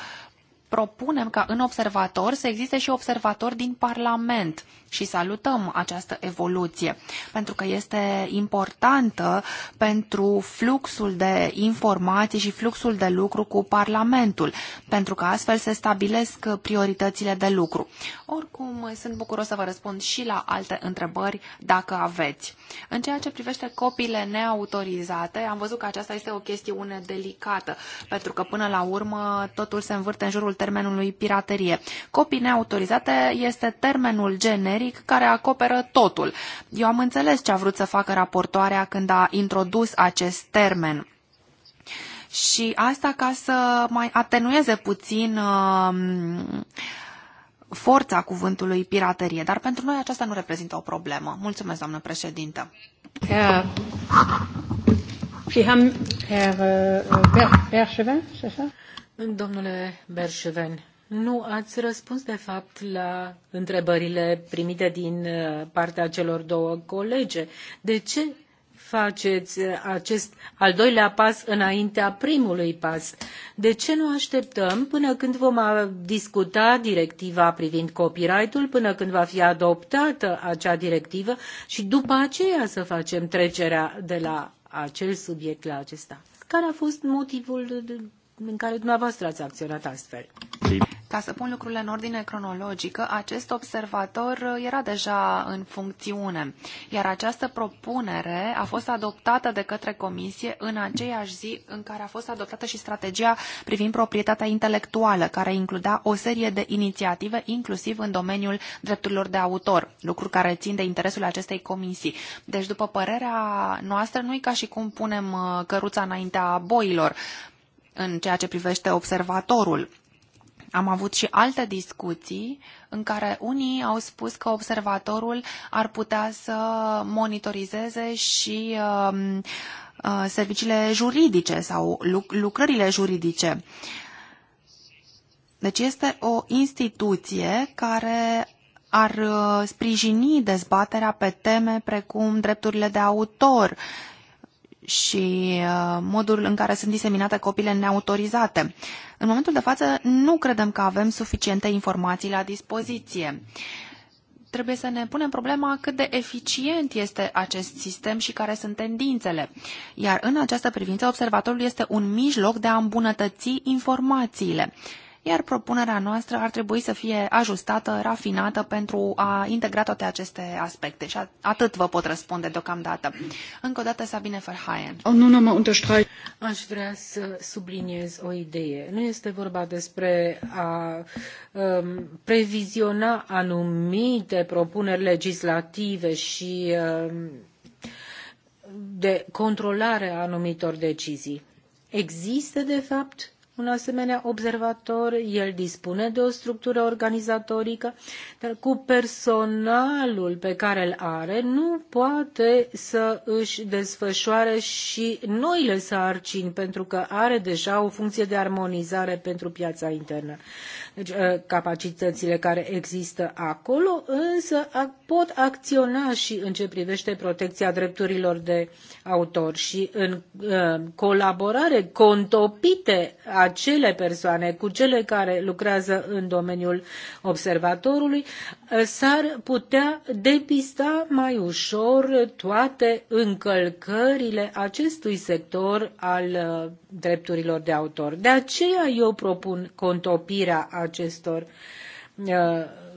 propunem ca în observator să existe și observatori din Parlament și salutăm această evoluție, pentru că este importantă pentru fluxul de informații și fluxul de lucru cu Parlamentul, pentru că astfel se stabilesc prioritățile de lucru. Oricum, sunt bucuros să vă răspund și la alte întrebări dacă aveți. În ceea ce privește copiile neautorizate, am văzut că aceasta este o chestiune delicată, pentru că până la urmă totul se învârte în jurul termenului piraterie. Copii neautorizate este termenul generic care acoperă totul. Eu am înțeles ce a vrut să facă raportoarea când a introdus acest termen. Și asta ca să mai atenueze puțin um, forța cuvântului piraterie, dar pentru noi aceasta nu reprezintă o problemă. Mulțumesc, doamnă președintă. Herr, Herr uh, Berchevin, Domnule Berșeven, nu ați răspuns, de fapt, la întrebările primite din uh, partea celor două colege. De ce faceți uh, acest al doilea pas înaintea primului pas? De ce nu așteptăm până când vom discuta directiva privind copyright-ul, până când va fi adoptată acea directivă și după aceea să facem trecerea de la acel subiect la acesta? Care a fost motivul în care dumneavoastră ați acționat astfel. Ca să pun lucrurile în ordine cronologică, acest observator uh, era deja în funcțiune, iar această propunere a fost adoptată de către Comisie în aceeași zi în care a fost adoptată și strategia privind proprietatea intelectuală, care includea o serie de inițiative, inclusiv în domeniul drepturilor de autor, lucruri care țin de interesul acestei comisii. Deci, după părerea noastră, nu e ca și cum punem uh, căruța înaintea boilor, în ceea ce privește observatorul. Am avut și alte discuții în care unii au spus că observatorul ar putea să monitorizeze și um, uh, serviciile juridice sau lucrările juridice. Deci este o instituție care ar uh, sprijini dezbaterea pe teme precum drepturile de autor și uh, modul în care sunt diseminate copiile neautorizate. În momentul de față, nu credem că avem suficiente informații la dispoziție. Trebuie să ne punem problema cât de eficient este acest sistem și care sunt tendințele. Iar în această privință, observatorul este un mijloc de a îmbunătăți informațiile iar propunerea noastră ar trebui să fie ajustată, rafinată pentru a integra toate aceste aspecte. Și atât vă pot răspunde deocamdată. Încă o dată, Sabine Verhaien. Aș vrea să subliniez o idee. Nu este vorba despre a um, previziona anumite propuneri legislative și um, de controlare a anumitor decizii. Există, de fapt, un asemenea observator, el dispune de o structură organizatorică, dar cu personalul pe care îl are nu poate să își desfășoare și noile sarcini, pentru că are deja o funcție de armonizare pentru piața internă. Deci, ă, capacitățile care există acolo, însă pot acționa și în ce privește protecția drepturilor de autor și în ă, colaborare contopite acele persoane cu cele care lucrează în domeniul observatorului, uh, s-ar putea depista mai ușor toate încălcările acestui sector al uh, drepturilor de autor. De aceea eu propun contopirea acestor uh,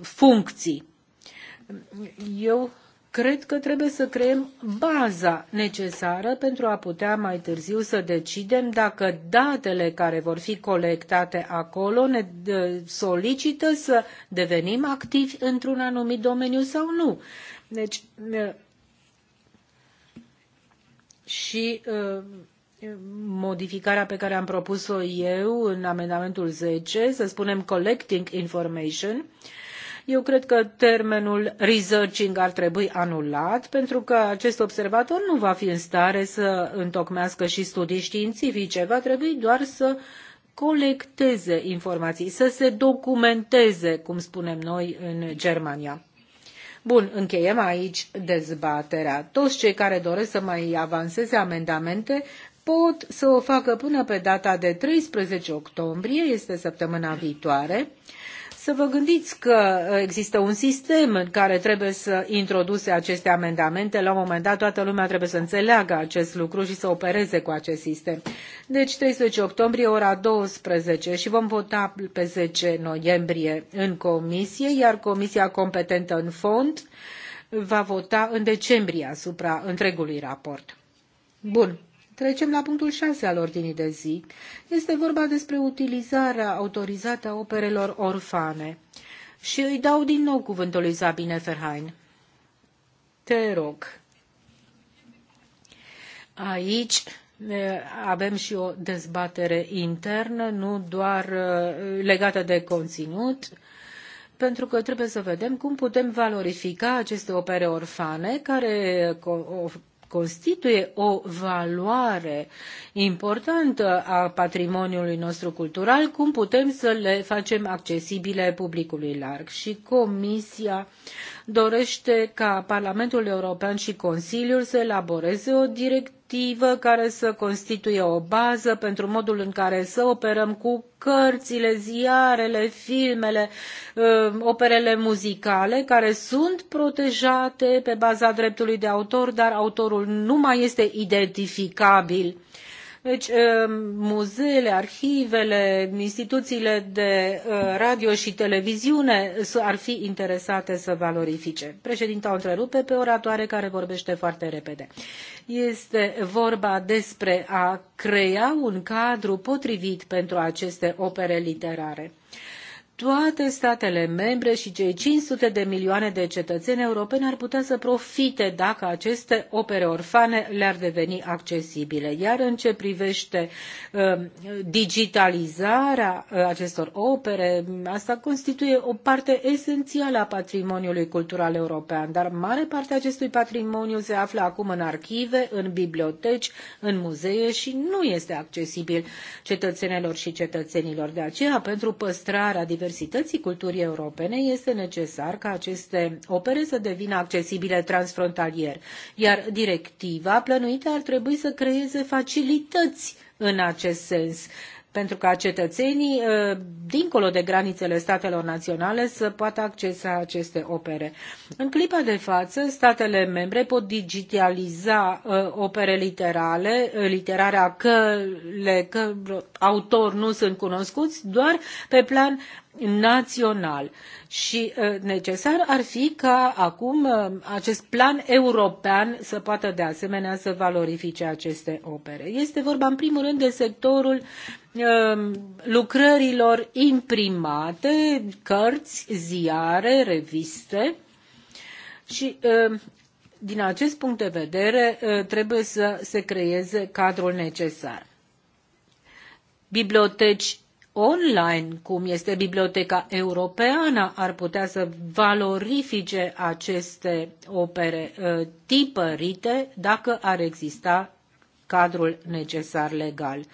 funcții. Eu cred că trebuie să creăm baza necesară pentru a putea mai târziu să decidem dacă datele care vor fi colectate acolo ne solicită să devenim activi într-un anumit domeniu sau nu. Deci, și modificarea pe care am propus-o eu în amendamentul 10, să spunem collecting information, uh, eu cred că termenul researching ar trebui anulat, pentru că acest observator nu va fi în stare să întocmească și studii științifice, va trebui doar să colecteze informații, să se documenteze, cum spunem noi în Germania. Bun, încheiem aici dezbaterea. Toți cei care doresc să mai avanseze amendamente pot să o facă până pe data de 13 octombrie, este săptămâna viitoare, să vă gândiți că uh, există un sistem în care trebuie să introduse aceste amendamente. La un moment dat toată lumea trebuie să înțeleagă acest lucru și să opereze cu acest sistem. Deci 13 octombrie, ora 12 și vom vota pe 10 noiembrie în comisie, iar comisia competentă în fond va vota în decembrie asupra întregului raport. Bun. Trecem la punctul 6 al ordinii de zi. Este vorba despre utilizarea autorizată a operelor orfane. Și îi dau din nou cuvântul lui Sabine Ferhain. Te rog. Aici eh, avem și o dezbatere internă, nu doar eh, legată de conținut, pentru că trebuie să vedem cum putem valorifica aceste opere orfane care constituie o valoare importantă a patrimoniului nostru cultural, cum putem să le facem accesibile publicului larg. Și Comisia dorește ca Parlamentul European și Consiliul să elaboreze o directivă colectivă care să constituie o bază pentru modul în care să operăm cu cărțile, ziarele, filmele, uh, operele muzicale, care sunt protejate pe baza dreptului de autor, dar autorul nu mai este identificabil deci, uh, muzeele, arhivele, instituțiile de uh, radio și televiziune ar fi interesate să valorifice. Președinta o întrerupe pe oratoare care vorbește foarte repede. Este vorba despre a crea un cadru potrivit pentru aceste opere literare. Uh, toate statele membre și cei 500 de milioane de cetățeni europeni ar putea să profite dacă aceste opere orfane le-ar deveni accesibile. Iar în ce privește uh, digitalizarea uh, acestor opere, asta constituie o parte esențială a patrimoniului cultural european, dar mare parte a acestui patrimoniu se află acum în arhive, în biblioteci, în muzee și nu este accesibil cetățenilor și cetățenilor. De aceea, pentru păstrarea diversității diversității culturii europene, este necesar ca aceste opere să devină accesibile transfrontalier, iar directiva plănuită ar trebui să creeze facilități în acest sens pentru ca cetățenii, ă, dincolo de granițele statelor naționale, să poată accesa aceste opere. În clipa de față, statele membre pot digitaliza ă, opere literale, ă, literarea că, le, că autori nu sunt cunoscuți, doar pe plan național și uh, necesar ar fi ca acum uh, acest plan european să poată de asemenea să valorifice aceste opere. Este vorba în primul rând de sectorul um, lucrărilor imprimate, cărți, ziare, reviste și um, din acest punct de vedere uh, trebuie să se creeze cadrul necesar. Biblioteci online, cum este Biblioteca Europeană, ar putea să valorifice aceste opere uh, tipărite dacă ar exista cadrul necesar legal.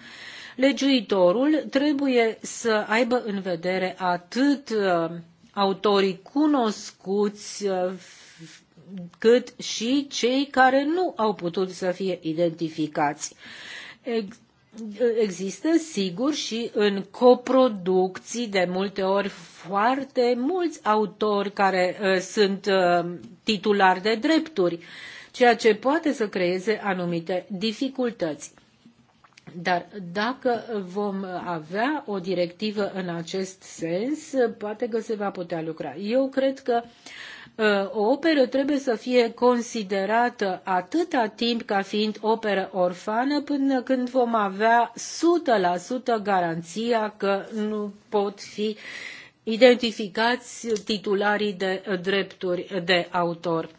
Legiuitorul trebuie să aibă în vedere atât uh, autorii cunoscuți, uh, cât și cei care nu au putut să fie identificați există, sigur, și în coproducții, de multe ori foarte mulți autori care uh, sunt uh, titulari de drepturi, ceea ce poate să creeze anumite dificultăți. Dar dacă vom avea o directivă în acest sens, poate că se va putea lucra. Eu cred că Uh, o operă trebuie să fie considerată atâta timp ca fiind operă orfană până când vom avea 100% garanția că nu pot fi identificați titularii de uh, drepturi de autor,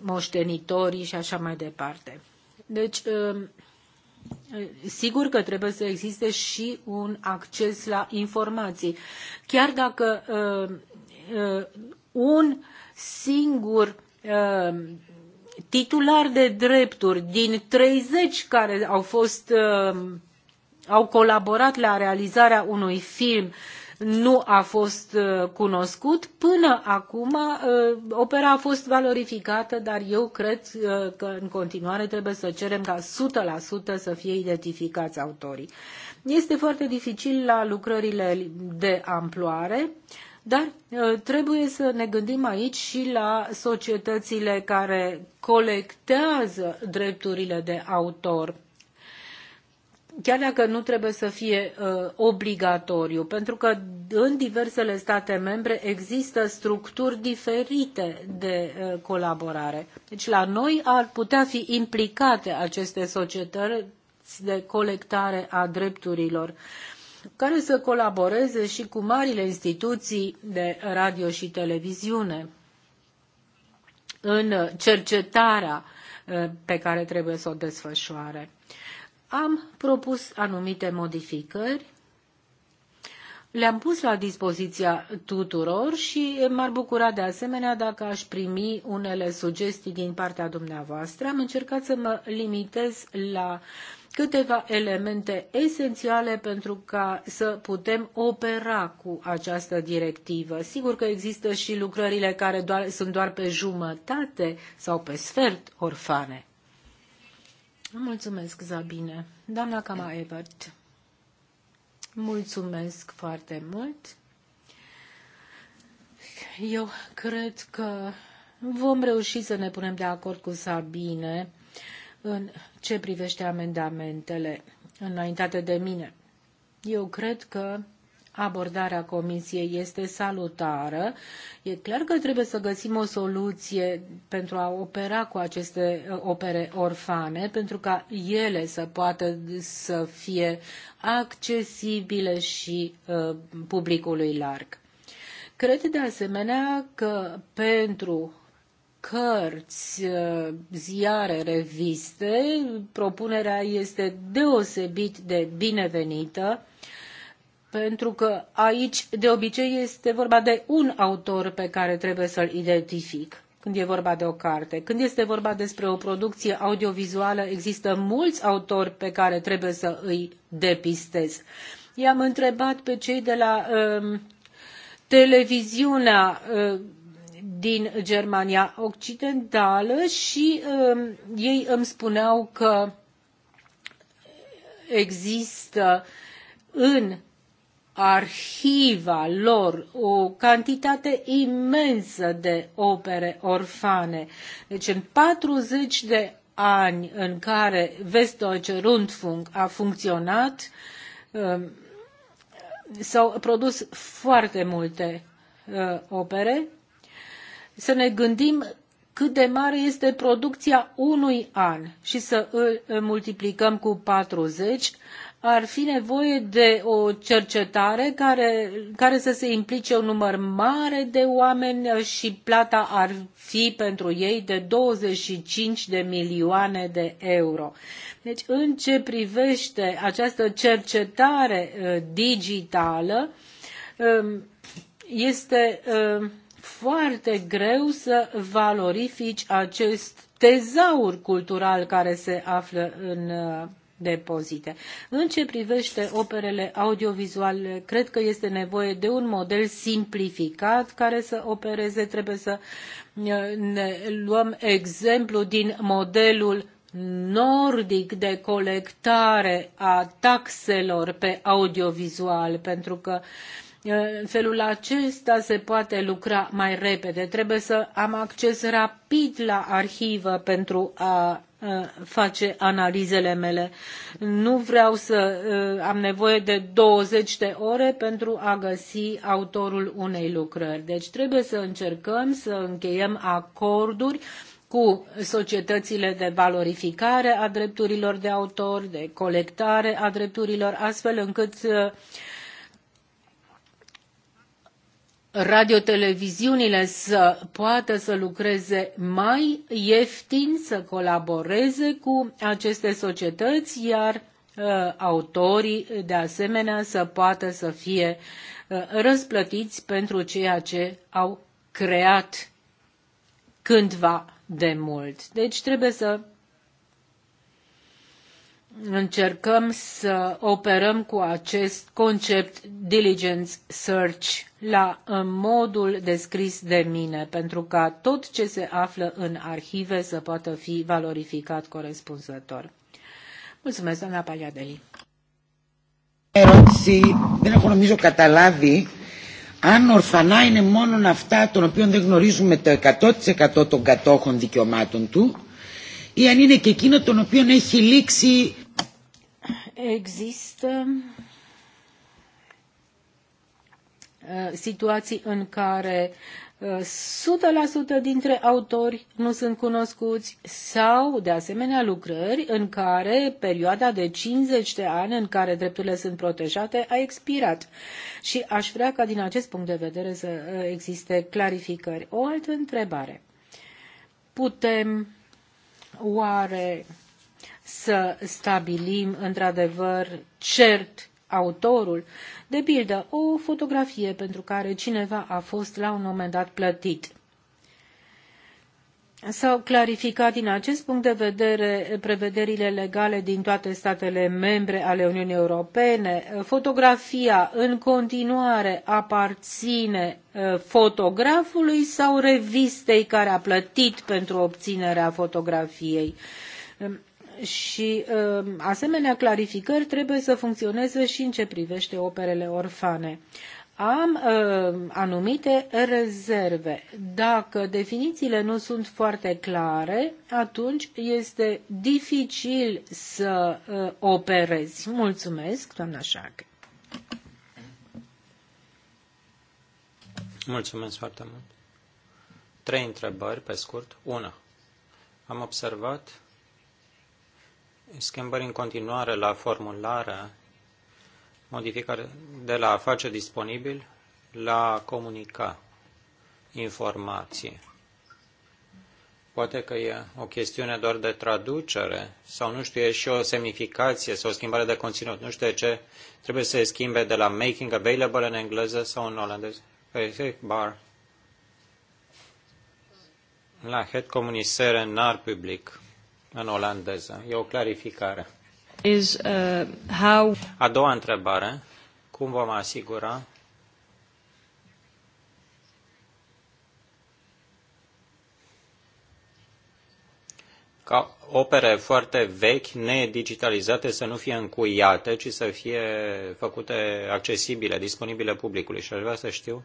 moștenitorii și așa mai departe. Deci, um, Sigur că trebuie să existe și un acces la informații. Chiar dacă uh, uh, un singur uh, titular de drepturi din 30 care au fost uh, au colaborat la realizarea unui film nu a fost uh, cunoscut. Până acum, opera a fost valorificată, dar eu cred că în continuare trebuie să cerem ca 100% să fie identificați autorii. Este foarte dificil la lucrările de amploare dar uh, trebuie să ne gândim aici și la societățile care colectează drepturile de autor chiar dacă nu trebuie să fie uh, obligatoriu, pentru că în diversele state membre există structuri diferite de uh, colaborare. Deci la noi ar putea fi implicate aceste societăți de colectare a drepturilor care să colaboreze și cu marile instituții de radio și televiziune în cercetarea uh, pe care trebuie să o desfășoare. Am propus anumite modificări, le-am pus la dispoziția tuturor și m-ar bucura de asemenea dacă aș primi unele sugestii din partea dumneavoastră. Am încercat să mă limitez la uh, câteva elemente esențiale pentru ca să putem opera cu această directivă. Sigur că există și lucrările care doar, sunt doar pe jumătate sau pe sfert orfane. Mulțumesc, Zabine. Doamna Cama Evert, mulțumesc foarte mult. Eu cred că vom reuși să ne punem de acord cu Sabine în ce privește amendamentele înaintate de mine. Eu cred că abordarea Comisiei este salutară. E clar că trebuie să găsim o soluție pentru a opera cu aceste uh, opere orfane, pentru ca ele să poată să fie accesibile și uh, publicului larg. Cred de asemenea că pentru cărți, uh, ziare, reviste. Propunerea este deosebit de binevenită pentru că aici de obicei este vorba de un autor pe care trebuie să-l identific când e vorba de o carte. Când este vorba despre o producție audiovizuală, există mulți autori pe care trebuie să îi depistez. I-am întrebat pe cei de la uh, televiziunea uh, din Germania Occidentală și um, ei îmi spuneau că există în arhiva lor o cantitate imensă de opere orfane. Deci în 40 de ani în care Westdeutsche Rundfunk a funcționat, um, s-au produs foarte multe uh, opere să ne gândim cât de mare este producția unui an și să îl multiplicăm cu 40, ar fi nevoie de o cercetare care, care să se implice un număr mare de oameni și plata ar fi pentru ei de 25 de milioane de euro. Deci, în ce privește această cercetare uh, digitală, um, este um, foarte greu să valorifici acest tezaur cultural care se află în uh, depozite. În ce privește operele audiovizuale, cred că este nevoie de un model simplificat care să opereze. Trebuie să uh, ne luăm exemplu din modelul nordic de colectare a taxelor pe audiovizual, pentru că uh, în felul acesta se poate lucra mai repede. Trebuie să am acces rapid la arhivă pentru a face analizele mele. Nu vreau să am nevoie de 20 de ore pentru a găsi autorul unei lucrări. Deci trebuie să încercăm să încheiem acorduri cu societățile de valorificare a drepturilor de autor, de colectare a drepturilor, astfel încât radioteleviziunile să poată să lucreze mai ieftin, să colaboreze cu aceste societăți, iar uh, autorii de asemenea să poată să fie uh, răsplătiți pentru ceea ce au creat cândva de mult. Deci trebuie să încercăm să operăm cu acest concept diligence search la modul descris de mine, pentru ca tot ce se află în arhive să poată fi valorificat corespunzător. Mulțumesc, doamna Paliadeli. Ερώτηση, δεν έχω νομίζω καταλάβει αν ορφανά είναι μόνο αυτά των οποίων δεν γνωρίζουμε το 100% των κατόχων δικαιωμάτων του ή αν είναι και εκείνο των οποίων έχει λήξει există uh, situații în care 100% uh, dintre autori nu sunt cunoscuți sau, de asemenea, lucrări în care perioada de 50 de ani în care drepturile sunt protejate a expirat. Și aș vrea ca din acest punct de vedere să uh, existe clarificări. O altă întrebare. Putem oare să stabilim într-adevăr cert autorul. De pildă, o fotografie pentru care cineva a fost la un moment dat plătit. S-au clarificat din acest punct de vedere prevederile legale din toate statele membre ale Uniunii Europene. Fotografia în continuare aparține fotografului sau revistei care a plătit pentru obținerea fotografiei și um, asemenea clarificări trebuie să funcționeze și în ce privește operele orfane. Am uh, anumite rezerve. Dacă definițiile nu sunt foarte clare, atunci este dificil să uh, operezi. Mulțumesc, doamna Șac. Mulțumesc foarte mult. Trei întrebări, pe scurt. Una. Am observat schimbări în continuare la formulare, modificare de la a face disponibil la a comunica informații. Poate că e o chestiune doar de traducere sau nu știu, e și o semnificație sau o schimbare de conținut. Nu știu ce trebuie să se schimbe de la making available în engleză sau în olandeză. Perfect păi, bar. La head comunisere în ar public în olandeză. E o clarificare. Is, uh, how... A doua întrebare. Cum vom asigura ca opere foarte vechi, nedigitalizate, să nu fie încuiate, ci să fie făcute accesibile, disponibile publicului. Și aș vrea să știu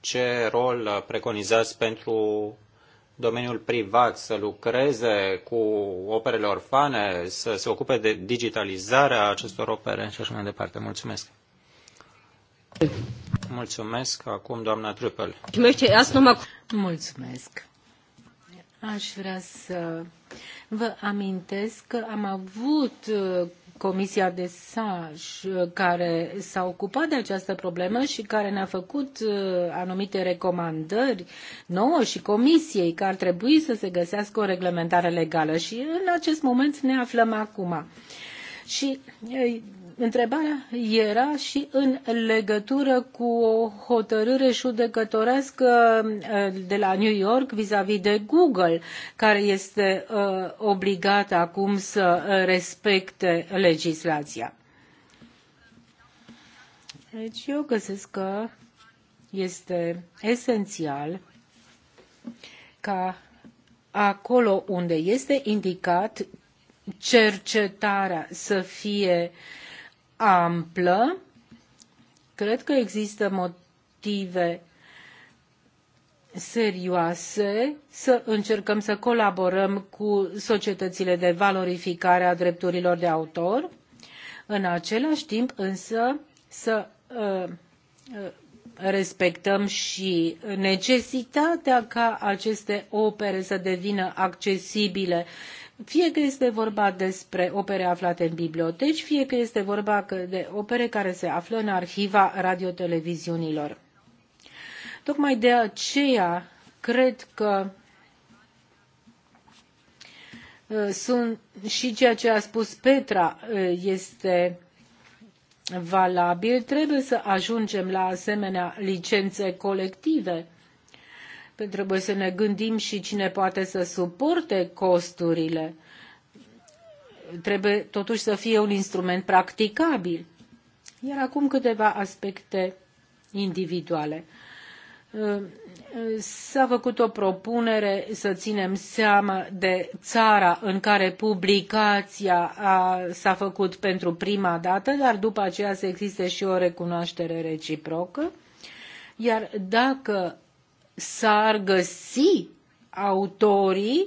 ce rol preconizați pentru domeniul privat, să lucreze cu operele orfane, să se ocupe de digitalizarea acestor opere și așa mai departe. Mulțumesc! Mulțumesc. Acum doamna Trupel. Mulțumesc. Aș vrea să vă amintesc că am avut Comisia de Saj uh, care s-a ocupat de această problemă și care ne-a făcut uh, anumite recomandări nouă și Comisiei că ar trebui să se găsească o reglementare legală și în acest moment ne aflăm acum. Și uh, întrebarea era și în legătură cu o hotărâre judecătorească uh, de la New York vis-a-vis -vis de Google, care este uh, obligat acum să uh, respecte legislația. Deci eu găsesc că este esențial ca acolo unde este indicat cercetarea să fie uh, amplă. Cred că există motive serioase să încercăm să colaborăm cu societățile de valorificare a drepturilor de autor, în același timp însă să uh, uh respectăm și necesitatea ca aceste opere să devină accesibile fie că este vorba despre opere aflate în biblioteci, fie că este vorba de opere care se află în arhiva radioteleviziunilor. Tocmai de aceea cred că uh, sunt și ceea ce a spus Petra uh, este valabil. Trebuie să ajungem la asemenea licențe colective Trebuie să ne gândim și cine poate să suporte costurile. Trebuie totuși să fie un instrument practicabil. Iar acum câteva aspecte individuale. S-a făcut o propunere să ținem seama de țara în care publicația s-a făcut pentru prima dată, dar după aceea să existe și o recunoaștere reciprocă. Iar dacă s-ar găsi autorii,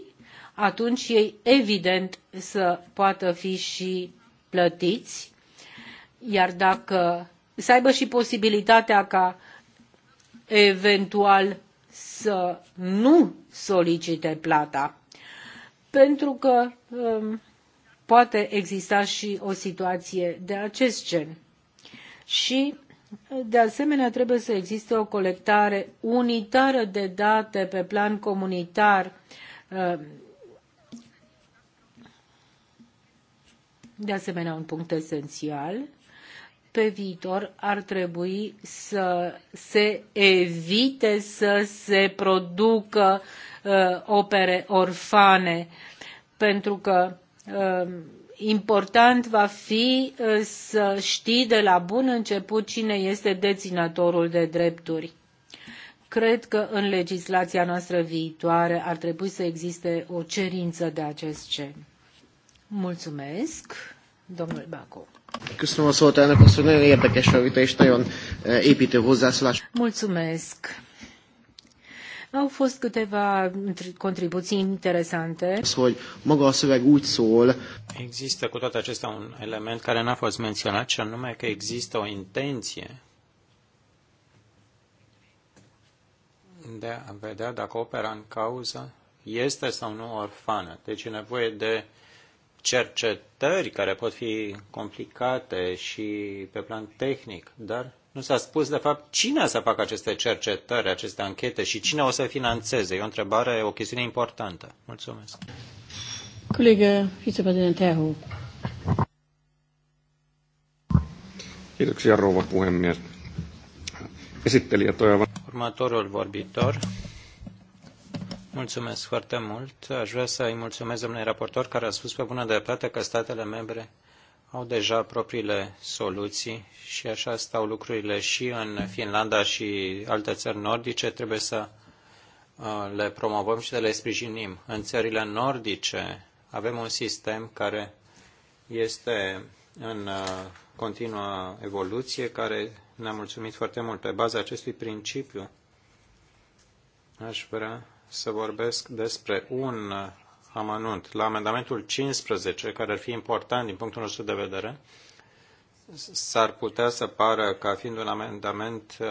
atunci ei evident să poată fi și plătiți, iar dacă să aibă și posibilitatea ca eventual să nu solicite plata, pentru că um, poate exista și o situație de acest gen. Și de asemenea, trebuie să existe o colectare unitară de date pe plan comunitar. Uh, de asemenea, un punct esențial pe viitor ar trebui să se evite să se producă uh, opere orfane, pentru că uh, important va fi uh, să știi de la bun început cine este deținătorul de drepturi. Cred că în legislația noastră viitoare ar trebui să existe o cerință de acest gen. Mulțumesc, domnul Bacu. Köszönöm a szót, eh, Mulțumesc. Au fost câteva contribuții interesante. Există cu toate acestea un element care n-a fost menționat, și anume că există o intenție de a vedea dacă opera în cauză este sau nu orfană. Deci e nevoie de cercetări care pot fi complicate și pe plan tehnic, dar nu s-a spus, de fapt, cine să facă aceste cercetări, aceste anchete și cine o să financeze. E o întrebare, o chestiune importantă. Mulțumesc. Colegă vicepreședinte Kiitoksia, rouva puhemies. Esittelijä toivovan. Următorul vorbitor. Mulțumesc foarte mult. Aș vrea să-i mulțumesc domnului raportor care a spus pe bună dreptate că statele membre au deja propriile soluții și așa stau lucrurile și în Finlanda și alte țări nordice. Trebuie să uh, le promovăm și să le sprijinim. În țările nordice avem un sistem care este în uh, continuă evoluție, care ne-a mulțumit foarte mult. Pe baza acestui principiu aș vrea să vorbesc despre un amănunt. La amendamentul 15, care ar fi important din punctul nostru de vedere, s-ar putea să pară ca fiind un amendament uh,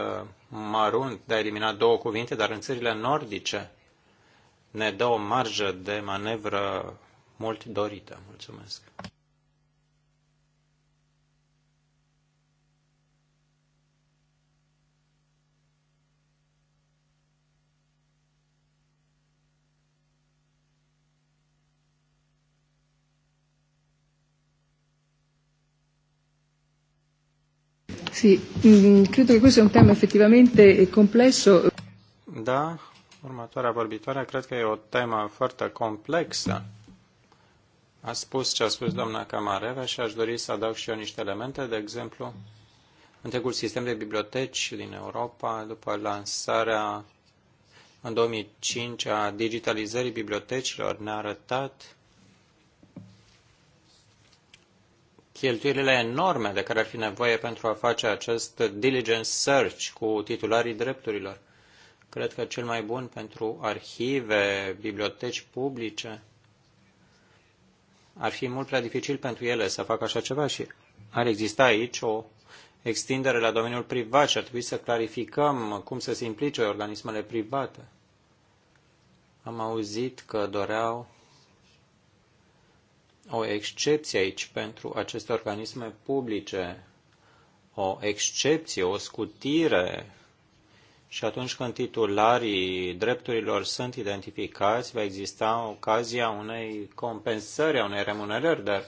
mărunt de a elimina două cuvinte, dar în țările nordice ne dă o marjă de manevră mult dorită. Mulțumesc. Sì, mm, credo che questo è un tema effettivamente eh, complesso. Da, următoarea vorbitoare, cred că e o temă foarte complexă. A spus ce a spus doamna Camareva și aș dori să adaug și eu niște elemente, de exemplu, întregul sistem de biblioteci din Europa, după lansarea în 2005 a digitalizării bibliotecilor, ne-a arătat cheltuielile enorme de care ar fi nevoie pentru a face acest diligence search cu titularii drepturilor. Cred că cel mai bun pentru arhive, biblioteci publice, ar fi mult prea dificil pentru ele să facă așa ceva și ar exista aici o extindere la domeniul privat și ar trebui să clarificăm cum să se implice organismele private. Am auzit că doreau o excepție aici pentru aceste organisme publice, o excepție, o scutire și atunci când titularii drepturilor sunt identificați, va exista ocazia unei compensări, a unei remunerări, dar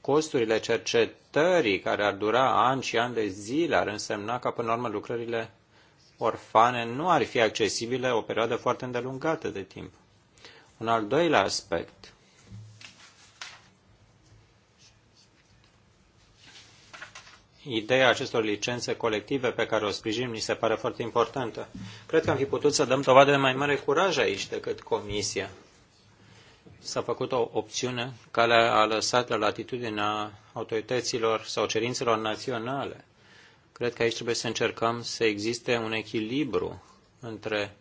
costurile cercetării care ar dura ani și ani de zile ar însemna ca până la urmă lucrările orfane nu ar fi accesibile o perioadă foarte îndelungată de timp. Un al doilea aspect ideea acestor licențe colective pe care o sprijin mi se pare foarte importantă. Cred că am fi putut să dăm dovadă de mai mare curaj aici decât Comisia. S-a făcut o opțiune care a lăsat la latitudinea autorităților sau cerințelor naționale. Cred că aici trebuie să încercăm să existe un echilibru între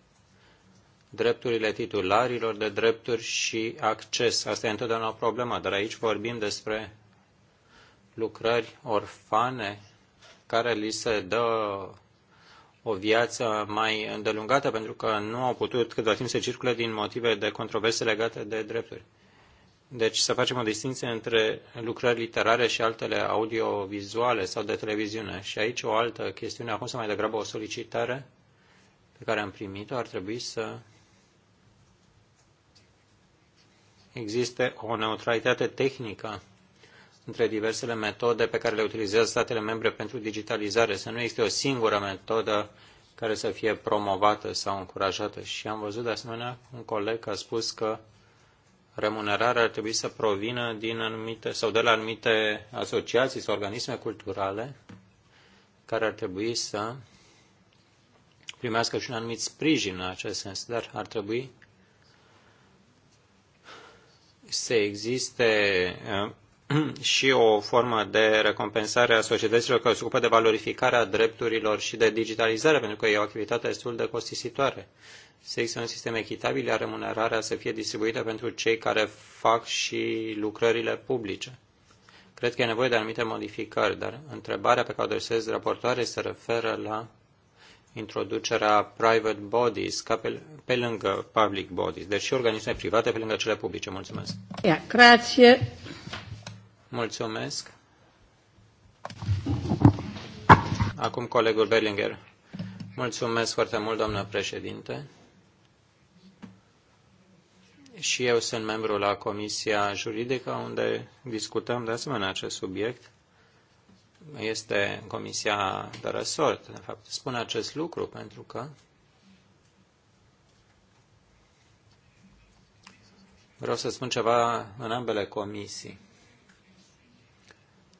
drepturile titularilor de drepturi și acces. Asta e întotdeauna o problemă, dar aici vorbim despre lucrări orfane care li se dă o viață mai îndelungată pentru că nu au putut câtva timp să circule din motive de controverse legate de drepturi. Deci să facem o distinție între lucrări literare și altele audiovizuale sau de televiziune. Și aici o altă chestiune, acum să mai degrabă o solicitare pe care am primit-o, ar trebui să existe o neutralitate tehnică între diversele metode pe care le utilizează statele membre pentru digitalizare, să nu existe o singură metodă care să fie promovată sau încurajată. Și am văzut de asemenea un coleg a spus că remunerarea ar trebui să provină din anumite sau de la anumite asociații sau organisme culturale care ar trebui să primească și un anumit sprijin în acest sens, dar ar trebui să existe și o formă de recompensare a societăților care se ocupă de valorificarea drepturilor și de digitalizare, pentru că e o activitate destul de costisitoare. Să există un sistem echitabil, iar remunerarea să fie distribuită pentru cei care fac și lucrările publice. Cred că e nevoie de anumite modificări, dar întrebarea pe care o adresez raportoare se referă la introducerea private bodies ca pe, pe lângă public bodies, deci și organisme private pe lângă cele publice. Mulțumesc. Yeah, grazie. Mulțumesc. Acum colegul Berlinger. Mulțumesc foarte mult, doamnă președinte. Și eu sunt membru la Comisia Juridică, unde discutăm de asemenea acest subiect. Este Comisia de Resort, de fapt. Spun acest lucru pentru că vreau să spun ceva în ambele comisii.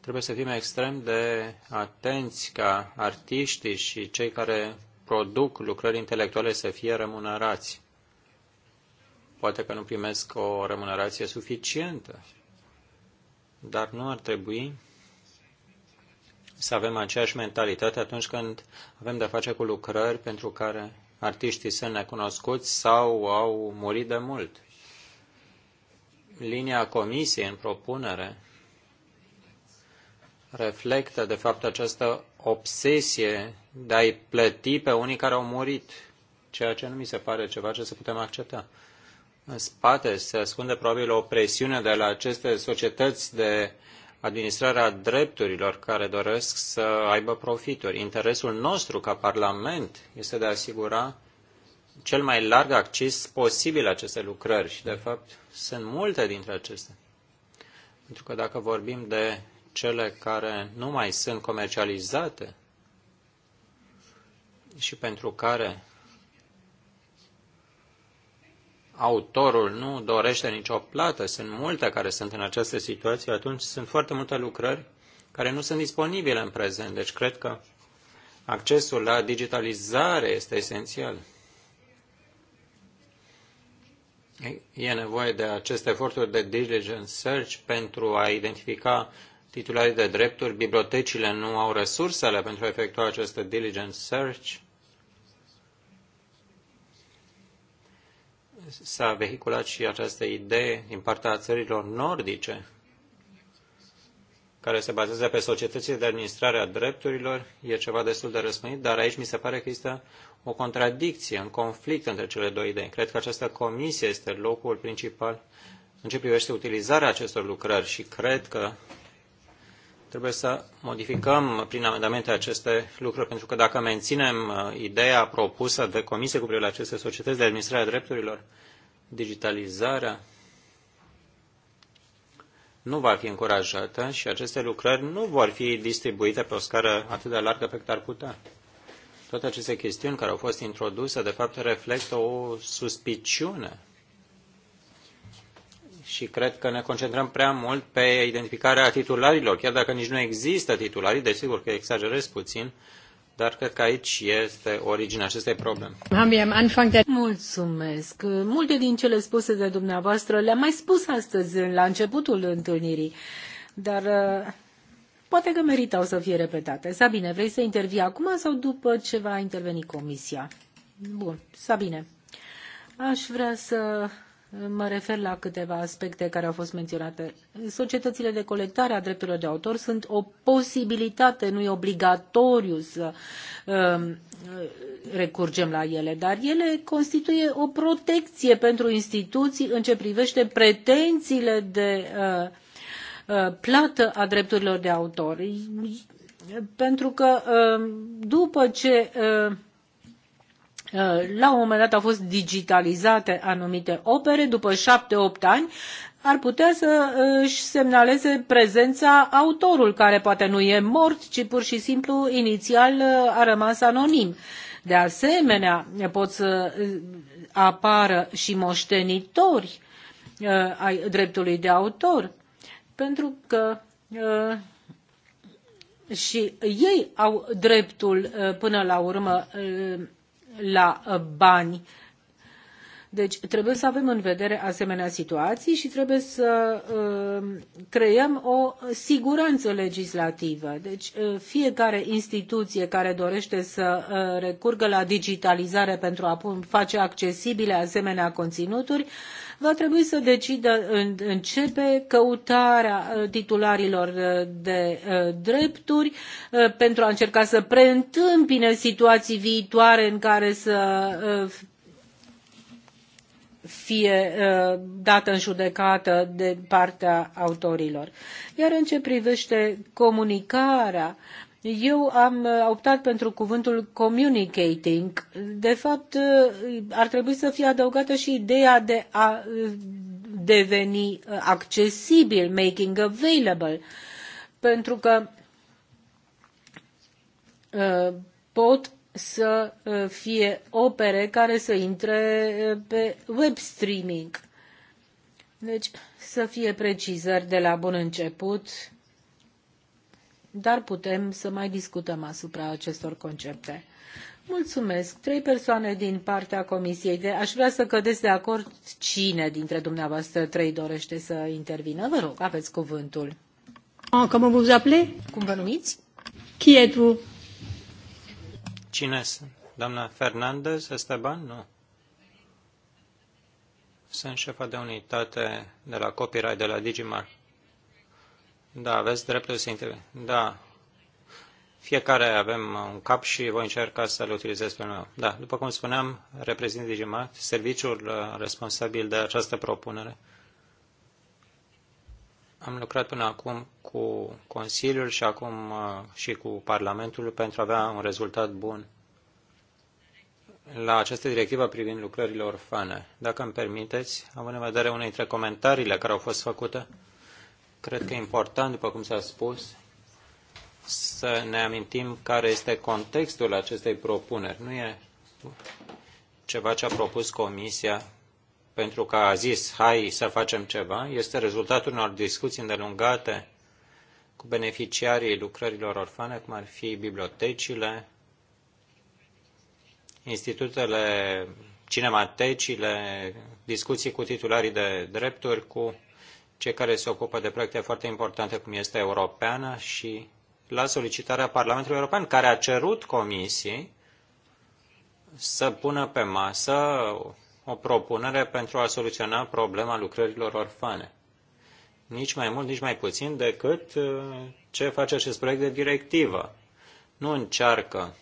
Trebuie să fim extrem de atenți ca artiștii și cei care produc lucrări intelectuale să fie remunerați. Poate că nu primesc o remunerație suficientă, dar nu ar trebui să avem aceeași mentalitate atunci când avem de face cu lucrări pentru care artiștii sunt necunoscuți sau au murit de mult. Linia comisiei în propunere reflectă, de fapt, această obsesie de a-i plăti pe unii care au murit, ceea ce nu mi se pare ceva ce să putem accepta. În spate se ascunde probabil o presiune de la aceste societăți de administrare a drepturilor care doresc să aibă profituri. Interesul nostru ca Parlament este de a asigura cel mai larg acces posibil aceste lucrări și, de fapt, sunt multe dintre acestea. Pentru că dacă vorbim de cele care nu mai sunt comercializate și pentru care autorul nu dorește nicio plată, sunt multe care sunt în această situație, atunci sunt foarte multe lucrări care nu sunt disponibile în prezent. Deci cred că accesul la digitalizare este esențial. E nevoie de acest eforturi de diligence search pentru a identifica titularii de drepturi, bibliotecile nu au resursele pentru a efectua aceste diligent search. S-a vehiculat și această idee din partea țărilor nordice, care se bazează pe societății de administrare a drepturilor, e ceva destul de răspândit, dar aici mi se pare că există o contradicție, un conflict între cele două idei. Cred că această comisie este locul principal în ce privește utilizarea acestor lucrări și cred că Trebuie să modificăm prin amendamente aceste lucruri, pentru că dacă menținem uh, ideea propusă de comisie cu privire la aceste societăți de administrare a drepturilor, digitalizarea nu va fi încurajată și aceste lucrări nu vor fi distribuite pe o scară atât de largă pe cât ar putea. Toate aceste chestiuni care au fost introduse, de fapt, reflectă o suspiciune și cred că ne concentrăm prea mult pe identificarea titularilor, chiar dacă nici nu există titularii, desigur că exagerez puțin, dar cred că aici este originea acestei probleme. Mulțumesc. Multe din cele spuse de dumneavoastră le-am mai spus astăzi la începutul întâlnirii, dar uh, poate că meritau să fie repetate. Sabine, vrei să intervii acum sau după ce va interveni comisia? Bun, Sabine. Aș vrea să Mă refer la câteva aspecte care au fost menționate. Societățile de colectare a drepturilor de autor sunt o posibilitate, nu e obligatoriu să um, recurgem la ele, dar ele constituie o protecție pentru instituții în ce privește pretențiile de uh, uh, plată a drepturilor de autor. Pentru că uh, după ce uh, Uh, la un moment dat au fost digitalizate anumite opere, după șapte-opt ani ar putea să uh, își semnaleze prezența autorul, care poate nu e mort, ci pur și simplu inițial uh, a rămas anonim. De asemenea, pot să apară și moștenitori ai dreptului de autor, pentru că și ei au dreptul până la urmă la uh, bani. Deci trebuie să avem în vedere asemenea situații și trebuie să uh, creăm o siguranță legislativă. Deci uh, fiecare instituție care dorește să uh, recurgă la digitalizare pentru a face accesibile asemenea conținuturi va trebui să decidă în, începe căutarea uh, titularilor uh, de uh, drepturi pentru a încerca să preîntâmpine situații viitoare în care să fie dată în judecată de partea autorilor. Iar în ce privește comunicarea eu am uh, optat pentru cuvântul communicating. De fapt, uh, ar trebui să fie adăugată și ideea de a uh, deveni accesibil, making available, pentru că pot să fie opere care să intre pe web streaming. Deci să fie precizări de la bun început dar putem să mai discutăm asupra acestor concepte. Mulțumesc. Trei persoane din partea Comisiei. De aș vrea să cădeți de acord cine dintre dumneavoastră trei dorește să intervină. Vă rog, aveți cuvântul. Ah, Cum vă numiți? Cum vă numiți? Chietu. Cine sunt? Doamna Fernandez Esteban? Nu. Sunt șefa de unitate de la copyright de la Digimar. Da, aveți dreptul să intervin. Da. Fiecare avem un cap și voi încerca să le utilizez pe meu. Da, după cum spuneam, reprezint Digimat, serviciul uh, responsabil de această propunere. Am lucrat până acum cu Consiliul și acum uh, și cu Parlamentul pentru a avea un rezultat bun la această directivă privind lucrările orfane. Dacă îmi permiteți, am în vedere unul dintre comentariile care au fost făcute, Cred că e important, după cum s-a spus, să ne amintim care este contextul acestei propuneri. Nu e ceva ce a propus Comisia pentru că a zis, hai să facem ceva, este rezultatul unor discuții îndelungate cu beneficiarii lucrărilor orfane, cum ar fi bibliotecile, institutele, cinematecile, discuții cu titularii de drepturi, cu cei care se ocupă de proiecte foarte importante cum este europeană și la solicitarea Parlamentului European, care a cerut comisiei să pună pe masă o propunere pentru a soluționa problema lucrărilor orfane. Nici mai mult, nici mai puțin decât uh, ce face acest proiect de directivă. Nu încearcă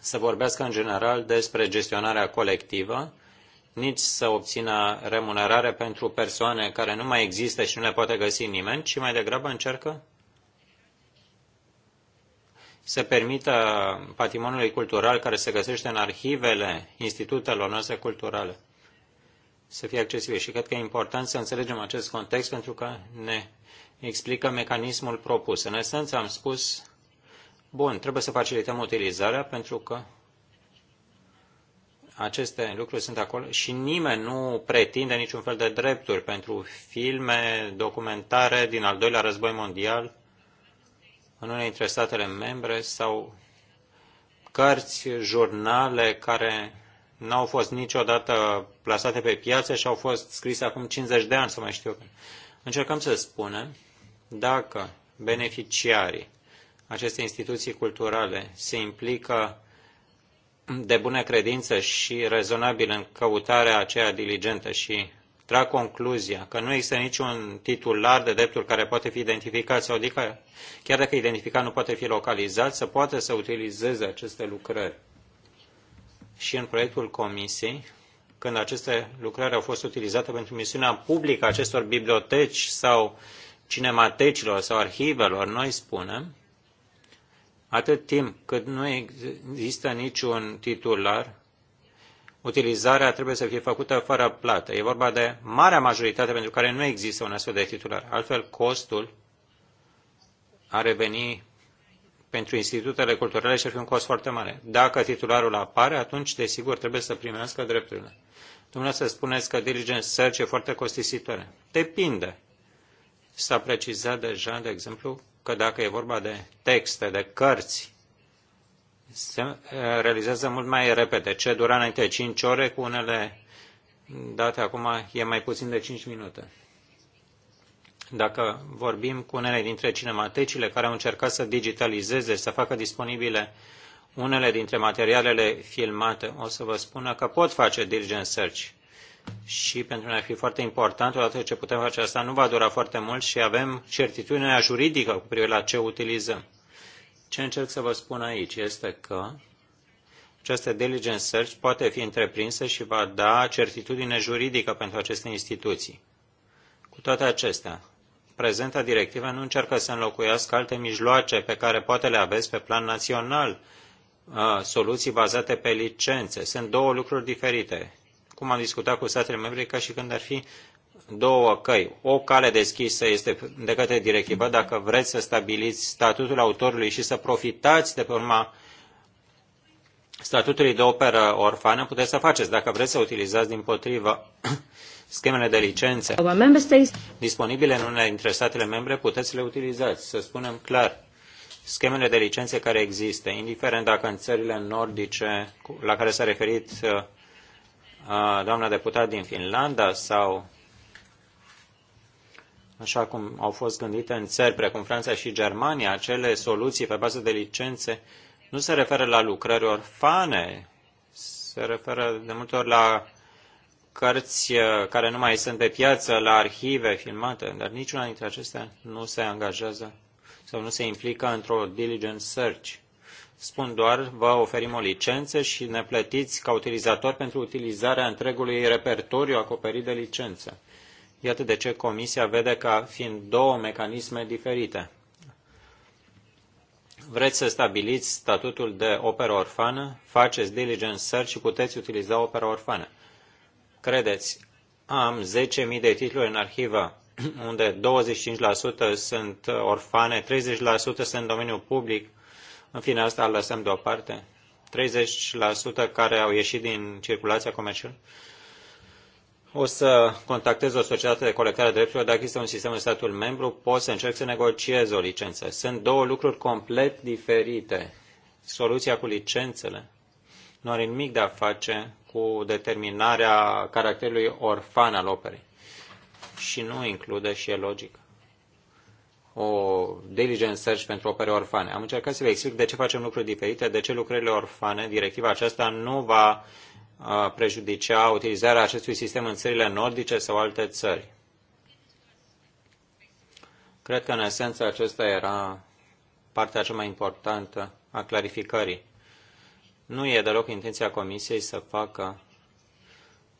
să vorbească în general despre gestionarea colectivă, nici să obțină remunerare pentru persoane care nu mai există și nu le poate găsi nimeni, ci mai degrabă încearcă să permită patrimoniului cultural care se găsește în arhivele institutelor noastre culturale să fie accesibil. Și cred că e important să înțelegem acest context pentru că ne explică mecanismul propus. În esență am spus, bun, trebuie să facilităm utilizarea pentru că aceste lucruri sunt acolo și nimeni nu pretinde niciun fel de drepturi pentru filme, documentare din al doilea război mondial în unele dintre statele membre sau cărți, jurnale care n-au fost niciodată plasate pe piață și au fost scrise acum 50 de ani, să mai știu eu. Încercăm să spunem dacă beneficiarii acestei instituții culturale se implică de bună credință și rezonabil în căutarea aceea diligentă și trag concluzia că nu există niciun titular de drepturi care poate fi identificat sau adică, chiar dacă identificat nu poate fi localizat, să poată să utilizeze aceste lucrări. Și în proiectul comisiei, când aceste lucrări au fost utilizate pentru misiunea publică acestor biblioteci sau cinematecilor sau arhivelor, noi spunem Atât timp cât nu există niciun titular, utilizarea trebuie să fie făcută fără plată. E vorba de marea majoritate pentru care nu există un astfel de titular. Altfel, costul ar reveni pentru institutele culturale și ar fi un cost foarte mare. Dacă titularul apare, atunci, desigur, trebuie să primească drepturile. Dumneavoastră spuneți că diligence search e foarte costisitoare. Depinde. S-a precizat deja, de exemplu, că dacă e vorba de texte, de cărți, se uh, realizează mult mai repede. Ce dura înainte 5 ore, cu unele date acum e mai puțin de 5 minute. Dacă vorbim cu unele dintre cinematecile care au încercat să digitalizeze, să facă disponibile unele dintre materialele filmate, o să vă spună că pot face diligent search și pentru noi ar fi foarte important, odată ce putem face asta, nu va dura foarte mult și avem certitudinea juridică cu privire la ce utilizăm. Ce încerc să vă spun aici este că această diligence search poate fi întreprinsă și va da certitudine juridică pentru aceste instituții. Cu toate acestea, prezenta directivă nu încearcă să înlocuiască alte mijloace pe care poate le aveți pe plan național, uh, soluții bazate pe licențe. Sunt două lucruri diferite cum am discutat cu statele membre, ca și când ar fi două căi. O cale deschisă este de către directivă dacă vreți să stabiliți statutul autorului și să profitați de pe urma statutului de operă orfană, puteți să faceți dacă vreți să utilizați din potrivă schemele de licențe disponibile în unele dintre statele membre, puteți să le utilizați. Să spunem clar, schemele de licențe care există, indiferent dacă în țările nordice la care s-a referit uh, doamna deputat din Finlanda sau așa cum au fost gândite în țări precum Franța și Germania, acele soluții pe bază de licențe nu se referă la lucrări orfane, se referă de multe ori la cărți uh, care nu mai sunt pe piață, la arhive filmate, dar niciuna dintre acestea nu se angajează sau nu se implică într-o diligent search. Spun doar, vă oferim o licență și ne plătiți ca utilizator pentru utilizarea întregului repertoriu acoperit de licență. Iată de ce Comisia vede ca fiind două mecanisme diferite. Vreți să stabiliți statutul de operă orfană, faceți diligent search și puteți utiliza opera orfană. Credeți, am 10.000 de titluri în arhivă, unde 25% sunt orfane, 30% sunt în domeniul public, în fine, asta lăsăm deoparte. 30% care au ieșit din circulația comercială. O să contactez o societate de colectare de drepturilor. Dacă există un sistem în statul membru, pot să încerc să negociez o licență. Sunt două lucruri complet diferite. Soluția cu licențele nu are nimic de a face cu determinarea caracterului orfan al operei. Și nu include și e logică o diligent search pentru opere orfane. Am încercat să vă explic de ce facem lucruri diferite, de ce lucrările orfane, directiva aceasta nu va uh, prejudicia utilizarea acestui sistem în țările nordice sau alte țări. Cred că, în esență, acesta era partea cea mai importantă a clarificării. Nu e deloc intenția Comisiei să facă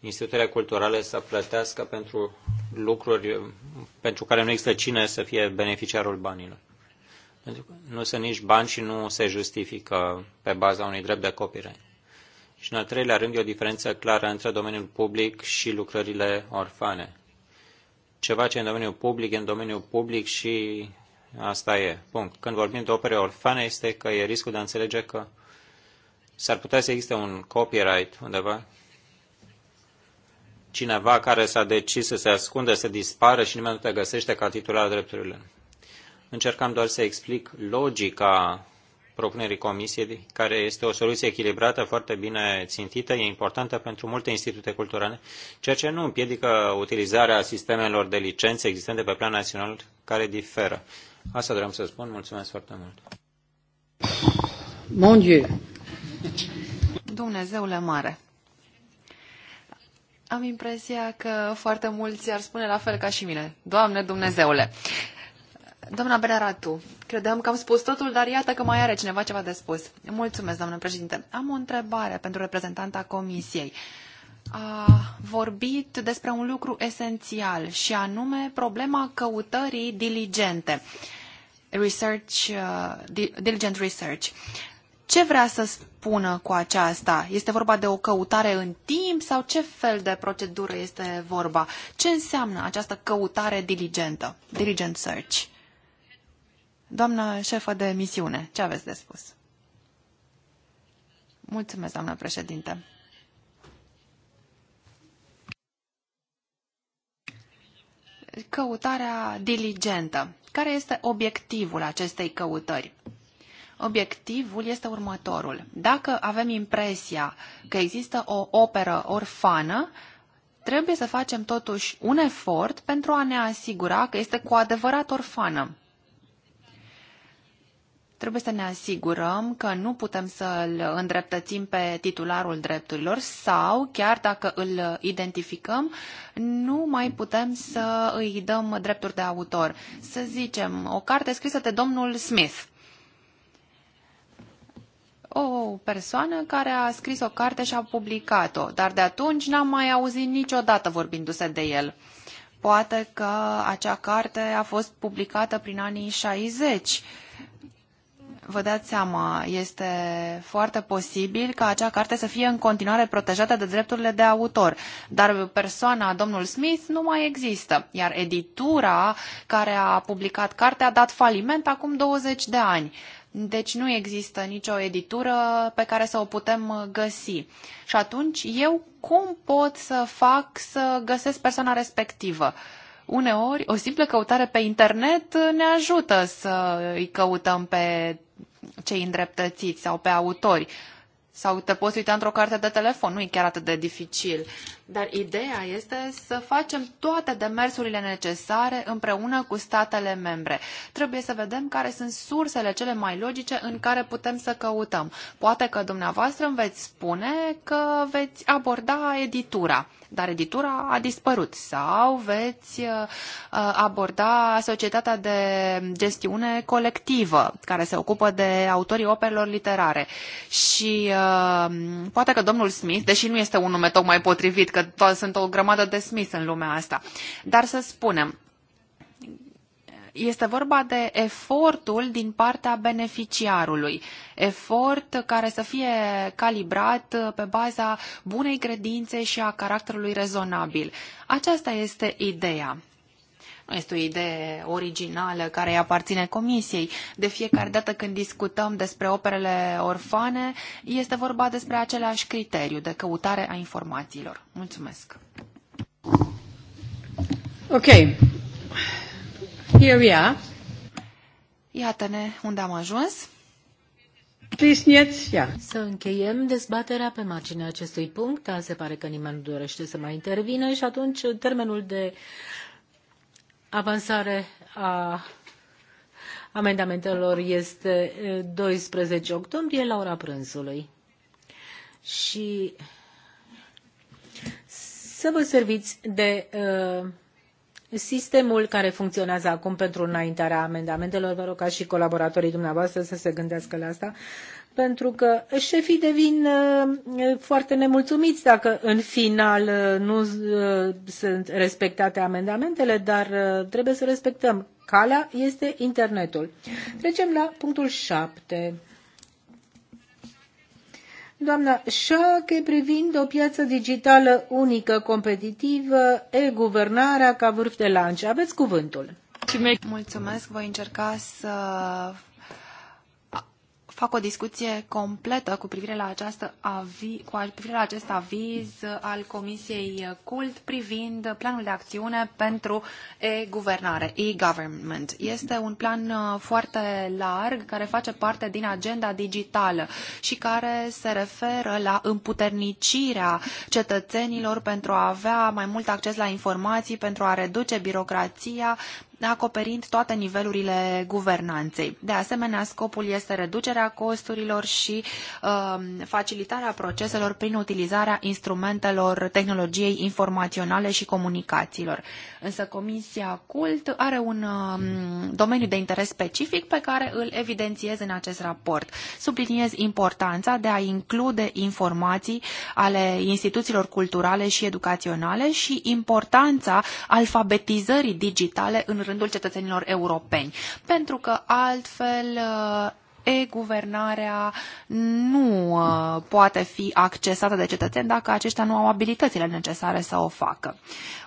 institutele culturale să plătească pentru lucruri pentru care nu există cine să fie beneficiarul banilor. Pentru că nu sunt nici bani și nu se justifică pe baza unui drept de copyright. Și în al treilea rând e o diferență clară între domeniul public și lucrările orfane. Ceva ce în domeniul public e în domeniul public și asta e. Punct. Când vorbim de opere orfane este că e riscul de a înțelege că s-ar putea să existe un copyright undeva cineva care s-a decis să se ascundă, să dispară și nimeni nu te găsește ca titular drepturile. Încercam doar să explic logica propunerii comisiei, care este o soluție echilibrată, foarte bine țintită, e importantă pentru multe institute culturale, ceea ce nu împiedică utilizarea sistemelor de licențe existente pe plan național care diferă. Asta vreau să spun. Mulțumesc foarte mult. Mon Dieu! Dumnezeule mare! Am impresia că foarte mulți ar spune la fel ca și mine. Doamne Dumnezeule! Doamna Benaratu, credeam că am spus totul, dar iată că mai are cineva ceva de spus. Mulțumesc, doamnă președinte. Am o întrebare pentru reprezentanta comisiei. A vorbit despre un lucru esențial și anume problema căutării diligente. Research, uh, diligent research. Ce vrea să spun? spună cu aceasta? Este vorba de o căutare în timp sau ce fel de procedură este vorba? Ce înseamnă această căutare diligentă, diligent search? Doamna șefă de misiune, ce aveți de spus? Mulțumesc, doamna președinte. Căutarea diligentă. Care este obiectivul acestei căutări? obiectivul este următorul. Dacă avem impresia că există o operă orfană, trebuie să facem totuși un efort pentru a ne asigura că este cu adevărat orfană. Trebuie să ne asigurăm că nu putem să-l îndreptățim pe titularul drepturilor sau, chiar dacă îl identificăm, nu mai putem să îi dăm drepturi de autor. Să zicem, o carte scrisă de domnul Smith – o persoană care a scris o carte și a publicat-o, dar de atunci n-am mai auzit niciodată vorbindu-se de el. Poate că acea carte a fost publicată prin anii 60. Vă dați seama, este foarte posibil ca acea carte să fie în continuare protejată de drepturile de autor, dar persoana, domnul Smith, nu mai există, iar editura care a publicat cartea a dat faliment acum 20 de ani. Deci nu există nicio editură pe care să o putem uh, găsi. Și atunci eu cum pot să fac să găsesc persoana respectivă? Uneori, o simplă căutare pe internet uh, ne ajută să îi căutăm pe cei îndreptățiți sau pe autori. Sau te poți uita într-o carte de telefon, nu e chiar atât de dificil. Dar ideea este să facem toate demersurile necesare împreună cu statele membre. Trebuie să vedem care sunt sursele cele mai logice în care putem să căutăm. Poate că dumneavoastră îmi veți spune că veți aborda editura, dar editura a dispărut. Sau veți uh, uh, aborda societatea de gestiune colectivă, care se ocupă de autorii operelor literare. Și uh, Um, poate că domnul Smith, deși nu este un nume tocmai potrivit, că to- sunt o grămadă de Smith în lumea asta, dar să spunem, este vorba de efortul din partea beneficiarului, efort care să fie calibrat pe baza bunei credințe și a caracterului rezonabil. Aceasta este ideea. Nu este o idee originală care îi aparține comisiei. De fiecare dată când discutăm despre operele orfane, este vorba despre același criteriu de căutare a informațiilor. Mulțumesc! Ok. Here we are. Iată-ne unde am ajuns. Să încheiem dezbaterea pe marginea acestui punct. Da, se pare că nimeni nu dorește să mai intervină și atunci termenul de avansare a amendamentelor este 12 octombrie la ora prânzului. Și să vă serviți de uh, sistemul care funcționează acum pentru înaintarea amendamentelor. Vă rog ca și colaboratorii dumneavoastră să se gândească la asta pentru că șefii devin uh, foarte nemulțumiți dacă în final uh, nu uh, sunt respectate amendamentele, dar trebuie să respectăm. Calea este internetul. Trecem la punctul 7. Doamna Șache, privind o piață digitală unică, competitivă, e-guvernarea ca vârf de lance. Aveți cuvântul. Mulțumesc, voi încerca să fac o discuție completă cu privire la, această avi, cu privire la acest aviz al Comisiei CULT privind planul de acțiune pentru e-guvernare, e-government. Este un plan uh, foarte larg care face parte din agenda digitală și care se referă la împuternicirea cetățenilor pentru a avea mai mult acces la informații, pentru a reduce birocrația, acoperind toate nivelurile guvernanței. De asemenea, scopul este reducerea costurilor și uh, facilitarea proceselor prin utilizarea instrumentelor tehnologiei informaționale și comunicațiilor. Însă Comisia CULT are un uh, domeniu de interes specific pe care îl evidențiez în acest raport. Subliniez importanța de a include informații ale instituțiilor culturale și educaționale și importanța alfabetizării digitale în rândul cetățenilor europeni, pentru că altfel uh, e-guvernarea nu uh, poate fi accesată de cetățeni dacă aceștia nu au abilitățile necesare să o facă.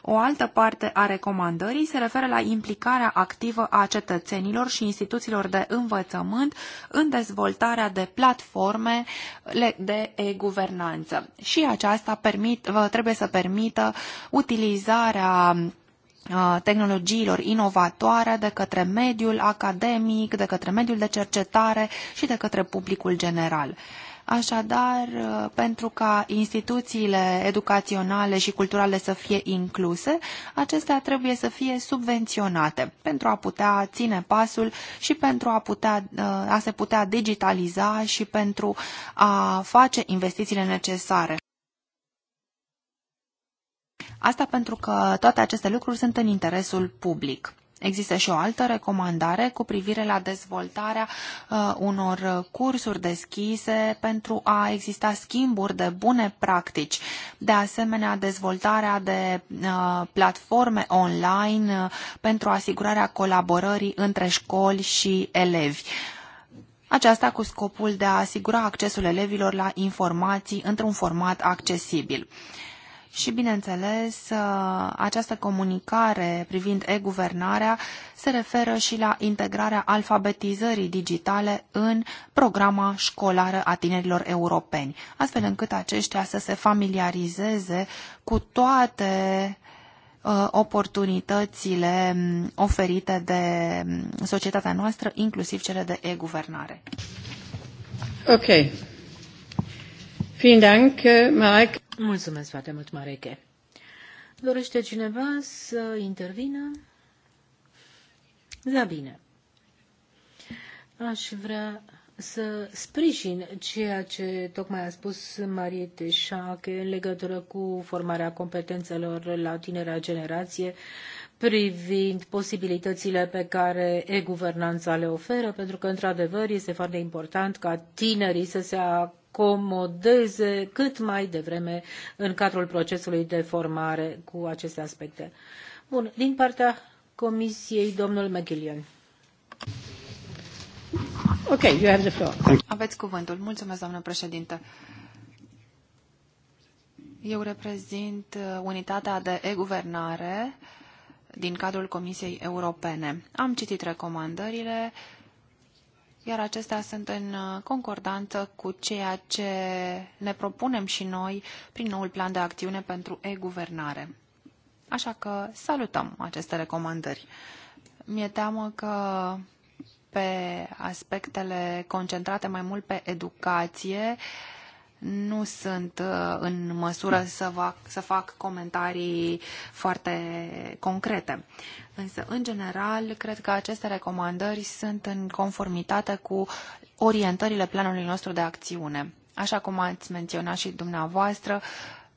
O altă parte a recomandării se referă la implicarea activă a cetățenilor și instituțiilor de învățământ în dezvoltarea de platforme de e-guvernanță. Și aceasta permit, trebuie să permită utilizarea Uh, tehnologiilor inovatoare de către mediul academic, de către mediul de cercetare și de către publicul general. Așadar, uh, pentru ca instituțiile educaționale și culturale să fie incluse, acestea trebuie să fie subvenționate pentru a putea ține pasul și pentru a, putea, uh, a se putea digitaliza și pentru a face investițiile necesare. Asta pentru că toate aceste lucruri sunt în interesul public. Există și o altă recomandare cu privire la dezvoltarea uh, unor cursuri deschise pentru a exista schimburi de bune practici. De asemenea, dezvoltarea de uh, platforme online uh, pentru asigurarea colaborării între școli și elevi. Aceasta cu scopul de a asigura accesul elevilor la informații într-un format accesibil. Uh, și, bineînțeles, uh, această comunicare privind e-guvernarea se referă și la integrarea alfabetizării digitale în programa școlară a tinerilor europeni, astfel încât aceștia să se familiarizeze cu toate uh, oportunitățile um, oferite de um, societatea noastră, inclusiv cele de e-guvernare. Okay. Äh, Mulțumesc foarte mult, Mareche. Dorește cineva să intervină? Da, bine. Aș vrea să sprijin ceea ce tocmai a spus Marie că în legătură cu formarea competențelor la tinerea generație privind posibilitățile pe care e-guvernanța le oferă, pentru că, într-adevăr, este foarte important ca tinerii să se acomodeze cât mai devreme în cadrul procesului de formare cu aceste aspecte. Bun, din partea Comisiei, domnul McGillian. Ok, you have the floor. Aveți cuvântul. Mulțumesc, doamnă președintă. Eu reprezint uh, unitatea de e-guvernare din cadrul Comisiei Europene. Am citit recomandările iar acestea sunt în uh, concordanță cu ceea ce ne propunem și noi prin noul plan de acțiune pentru e-guvernare. Așa că salutăm aceste recomandări. Mi-e teamă că pe aspectele concentrate mai mult pe educație, nu sunt uh, în măsură să fac, să fac comentarii foarte concrete. Însă, în general, cred că aceste recomandări sunt în conformitate cu orientările planului nostru de acțiune. Așa cum ați menționat și dumneavoastră,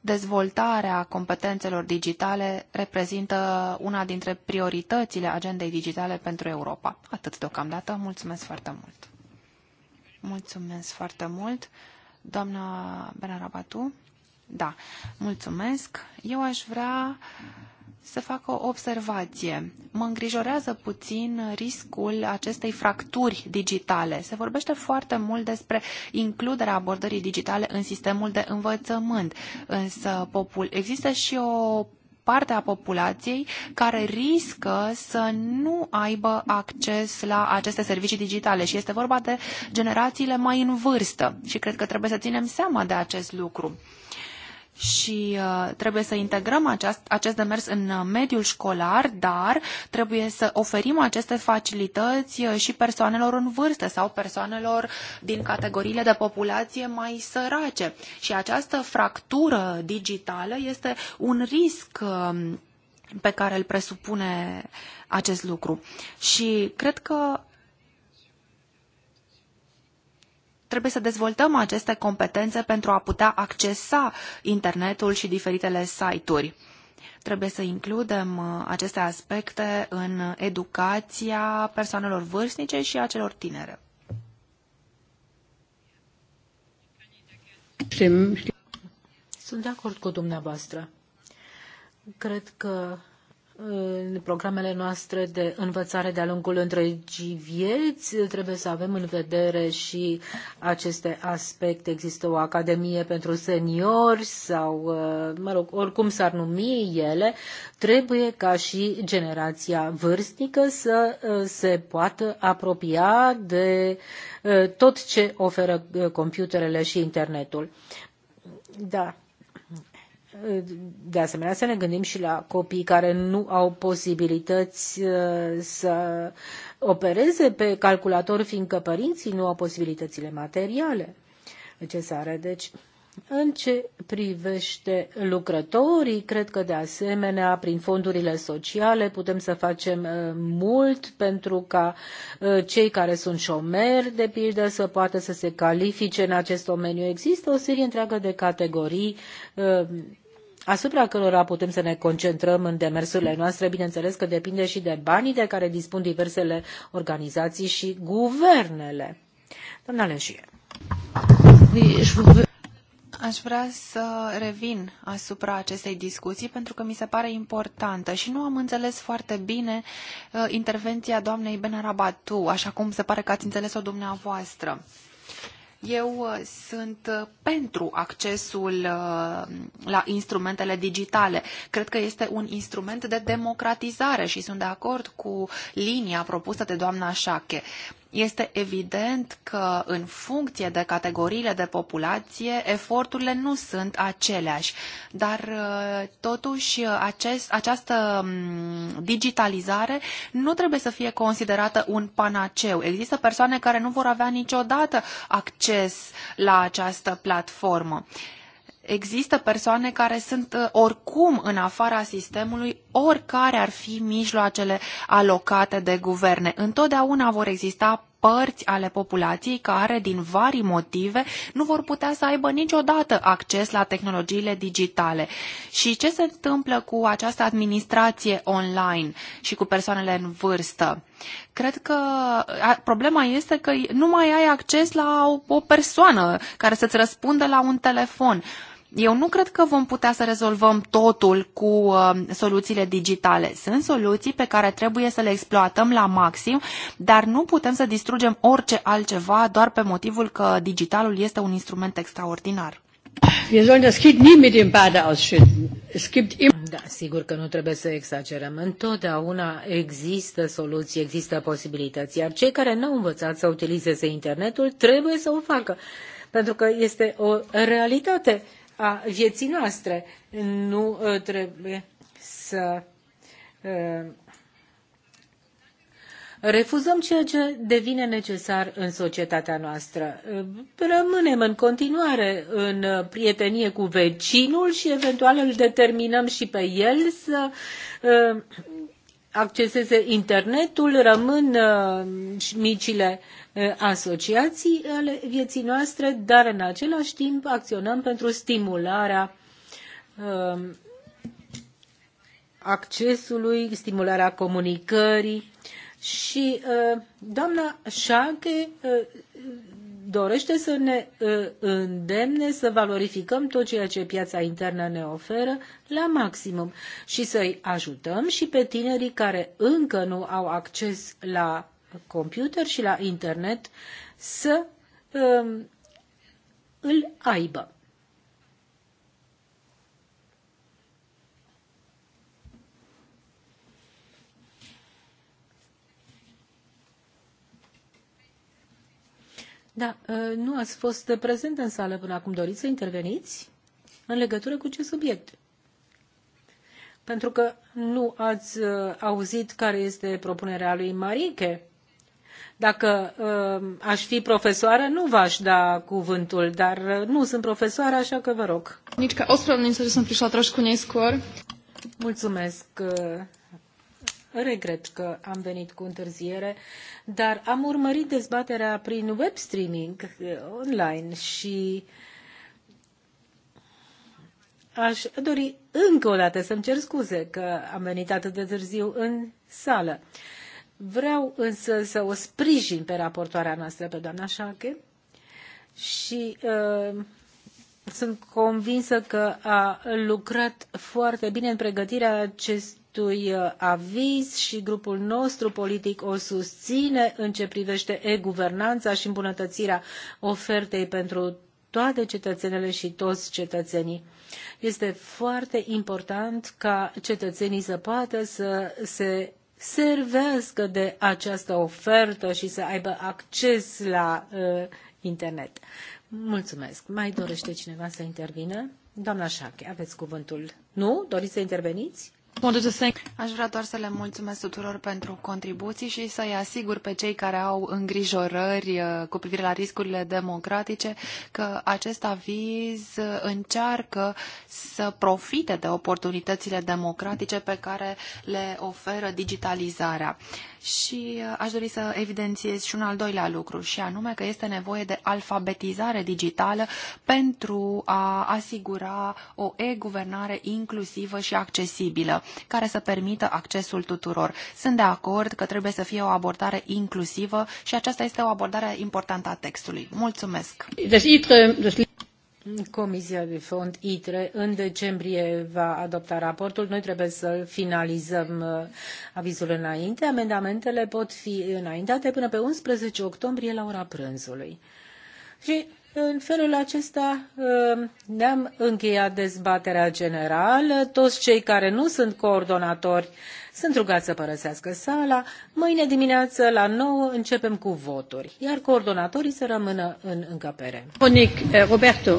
dezvoltarea competențelor digitale reprezintă una dintre prioritățile agendei digitale pentru Europa. Atât deocamdată. Mulțumesc foarte mult! Mulțumesc foarte mult! Doamna Benarabatu? Da, mulțumesc. Eu aș vrea să fac o observație. Mă îngrijorează puțin riscul acestei fracturi digitale. Se vorbește foarte mult despre includerea abordării digitale în sistemul de învățământ, însă popul... există și o parte a populației care riscă să nu aibă acces la aceste servicii digitale și este vorba de generațiile mai în vârstă și cred că trebuie să ținem seama de acest lucru și uh, trebuie să integrăm aceast, acest demers în uh, mediul școlar, dar trebuie să oferim aceste facilități uh, și persoanelor în vârstă sau persoanelor din categoriile de populație mai sărace. Și această fractură digitală este un risc um, pe care îl presupune acest lucru. Și cred că trebuie să dezvoltăm aceste competențe pentru a putea accesa internetul și diferitele site-uri. Trebuie să includem uh, aceste aspecte în educația persoanelor vârstnice și a celor tinere. Sunt de acord cu dumneavoastră. Cred că în programele noastre de învățare de-a lungul întregii vieți. Trebuie să avem în vedere și aceste aspecte. Există o academie pentru seniori sau, uh, mă rog, oricum s-ar numi ele. Trebuie ca și generația vârstnică să uh, se poată apropia de uh, tot ce oferă computerele și internetul. Da, de asemenea, să ne gândim și la copiii care nu au posibilități uh, să opereze pe calculator, fiindcă părinții nu au posibilitățile materiale necesare. Deci, în ce privește lucrătorii, cred că de asemenea, prin fondurile sociale, putem să facem uh, mult pentru ca uh, cei care sunt șomeri, de pildă, să poată să se califice în acest domeniu. Există o serie întreagă de categorii uh, asupra cărora putem să ne concentrăm în demersurile noastre, bineînțeles că depinde și de banii de care dispun diversele organizații și guvernele. Doamna Leșie. Aș vrea să revin asupra acestei discuții pentru că mi se pare importantă și nu am înțeles foarte bine uh, intervenția doamnei Benarabatu, așa cum se pare că ați înțeles-o dumneavoastră. Eu uh, sunt pentru accesul uh, la instrumentele digitale. Cred că este un instrument de democratizare și sunt de acord cu linia propusă de doamna Șache. Este evident că, în funcție de categoriile de populație, eforturile nu sunt aceleași, dar uh, totuși acest, această mm, digitalizare nu trebuie să fie considerată un panaceu. Există persoane care nu vor avea niciodată acces la această platformă. Există persoane care sunt uh, oricum în afara sistemului, oricare ar fi mijloacele alocate de guverne. Întotdeauna vor exista părți ale populației care, din vari motive, nu vor putea să aibă niciodată acces la tehnologiile digitale. Și ce se întâmplă cu această administrație online și cu persoanele în vârstă? Cred că problema este că nu mai ai acces la o, persoană care să-ți răspundă la un telefon. Eu nu cred că vom putea să rezolvăm totul cu uh, soluțiile digitale. Sunt soluții pe care trebuie să le exploatăm la maxim, dar nu putem să distrugem orice altceva doar pe motivul că digitalul este un instrument extraordinar. Wir sollen das Kind nie mit dem Bade ausschütten. Es gibt immer da, sigur că nu trebuie să exagerăm. Întotdeauna există soluții, există posibilități, iar cei care nu au învățat să utilizeze internetul trebuie să o facă, pentru că este o realitate a vieții noastre. Nu uh, trebuie să uh, refuzăm ceea ce devine necesar în societatea noastră. Uh, rămânem în continuare în prietenie cu vecinul și eventual îl determinăm și pe el să acceseze internetul, rămân micile Eh, asociații ale vieții noastre, dar în același timp acționăm pentru stimularea ehm, accesului, stimularea comunicării și eh, doamna Șache eh, dorește să ne îndemne să valorificăm tot ceea ce piața internă ne oferă la maximum și să-i ajutăm și pe tinerii care încă nu au acces la computer și la internet să um, îl aibă. Da, uh, nu ați fost prezent în sală până acum. Doriți să interveniți în legătură cu ce subiect? Pentru că nu ați uh, auzit care este propunerea lui Mariche dacă uh, aș fi profesoară, nu v-aș da cuvântul, dar uh, nu sunt profesoară, așa că vă rog. Nici că o spremniță sunt prișa cu neskor. Mulțumesc. Uh, regret că am venit cu întârziere, dar am urmărit dezbaterea prin web streaming online și aș dori încă o dată să-mi cer scuze că am venit atât de târziu în sală. Uh, Vreau însă să o sprijin pe raportoarea noastră, pe doamna Șache, și uh, sunt convinsă că a lucrat foarte bine în pregătirea acestui uh, aviz și grupul nostru politic o susține în ce privește e-guvernanța și îmbunătățirea ofertei pentru toate cetățenele și toți cetățenii. Este foarte important ca cetățenii să poată să se servească de această ofertă și să aibă acces la uh, internet. Mulțumesc. Mai dorește cineva să intervină? Doamna Șache, aveți cuvântul. Nu? Doriți să interveniți? Aș vrea doar să le mulțumesc tuturor pentru contribuții și să-i asigur pe cei care au îngrijorări uh, cu privire la riscurile democratice că acest aviz uh, încearcă să profite de oportunitățile democratice pe care le oferă digitalizarea. Și uh, aș dori să evidențiez și un al doilea lucru, și anume că este nevoie de alfabetizare digitală pentru a asigura o e-guvernare inclusivă și accesibilă, care să permită accesul tuturor. Sunt de acord că trebuie să fie o abordare inclusivă și aceasta este o abordare importantă a textului. Mulțumesc! Comisia de Fond ITRE în decembrie va adopta raportul. Noi trebuie să finalizăm uh, avizul înainte. Amendamentele pot fi înaintate până pe 11 octombrie la ora prânzului. Și în felul acesta uh, ne-am încheiat dezbaterea generală. Toți cei care nu sunt coordonatori sunt rugați să părăsească sala. Mâine dimineață la 9 începem cu voturi, iar coordonatorii să rămână în încăpere. Monique, eh, Roberto.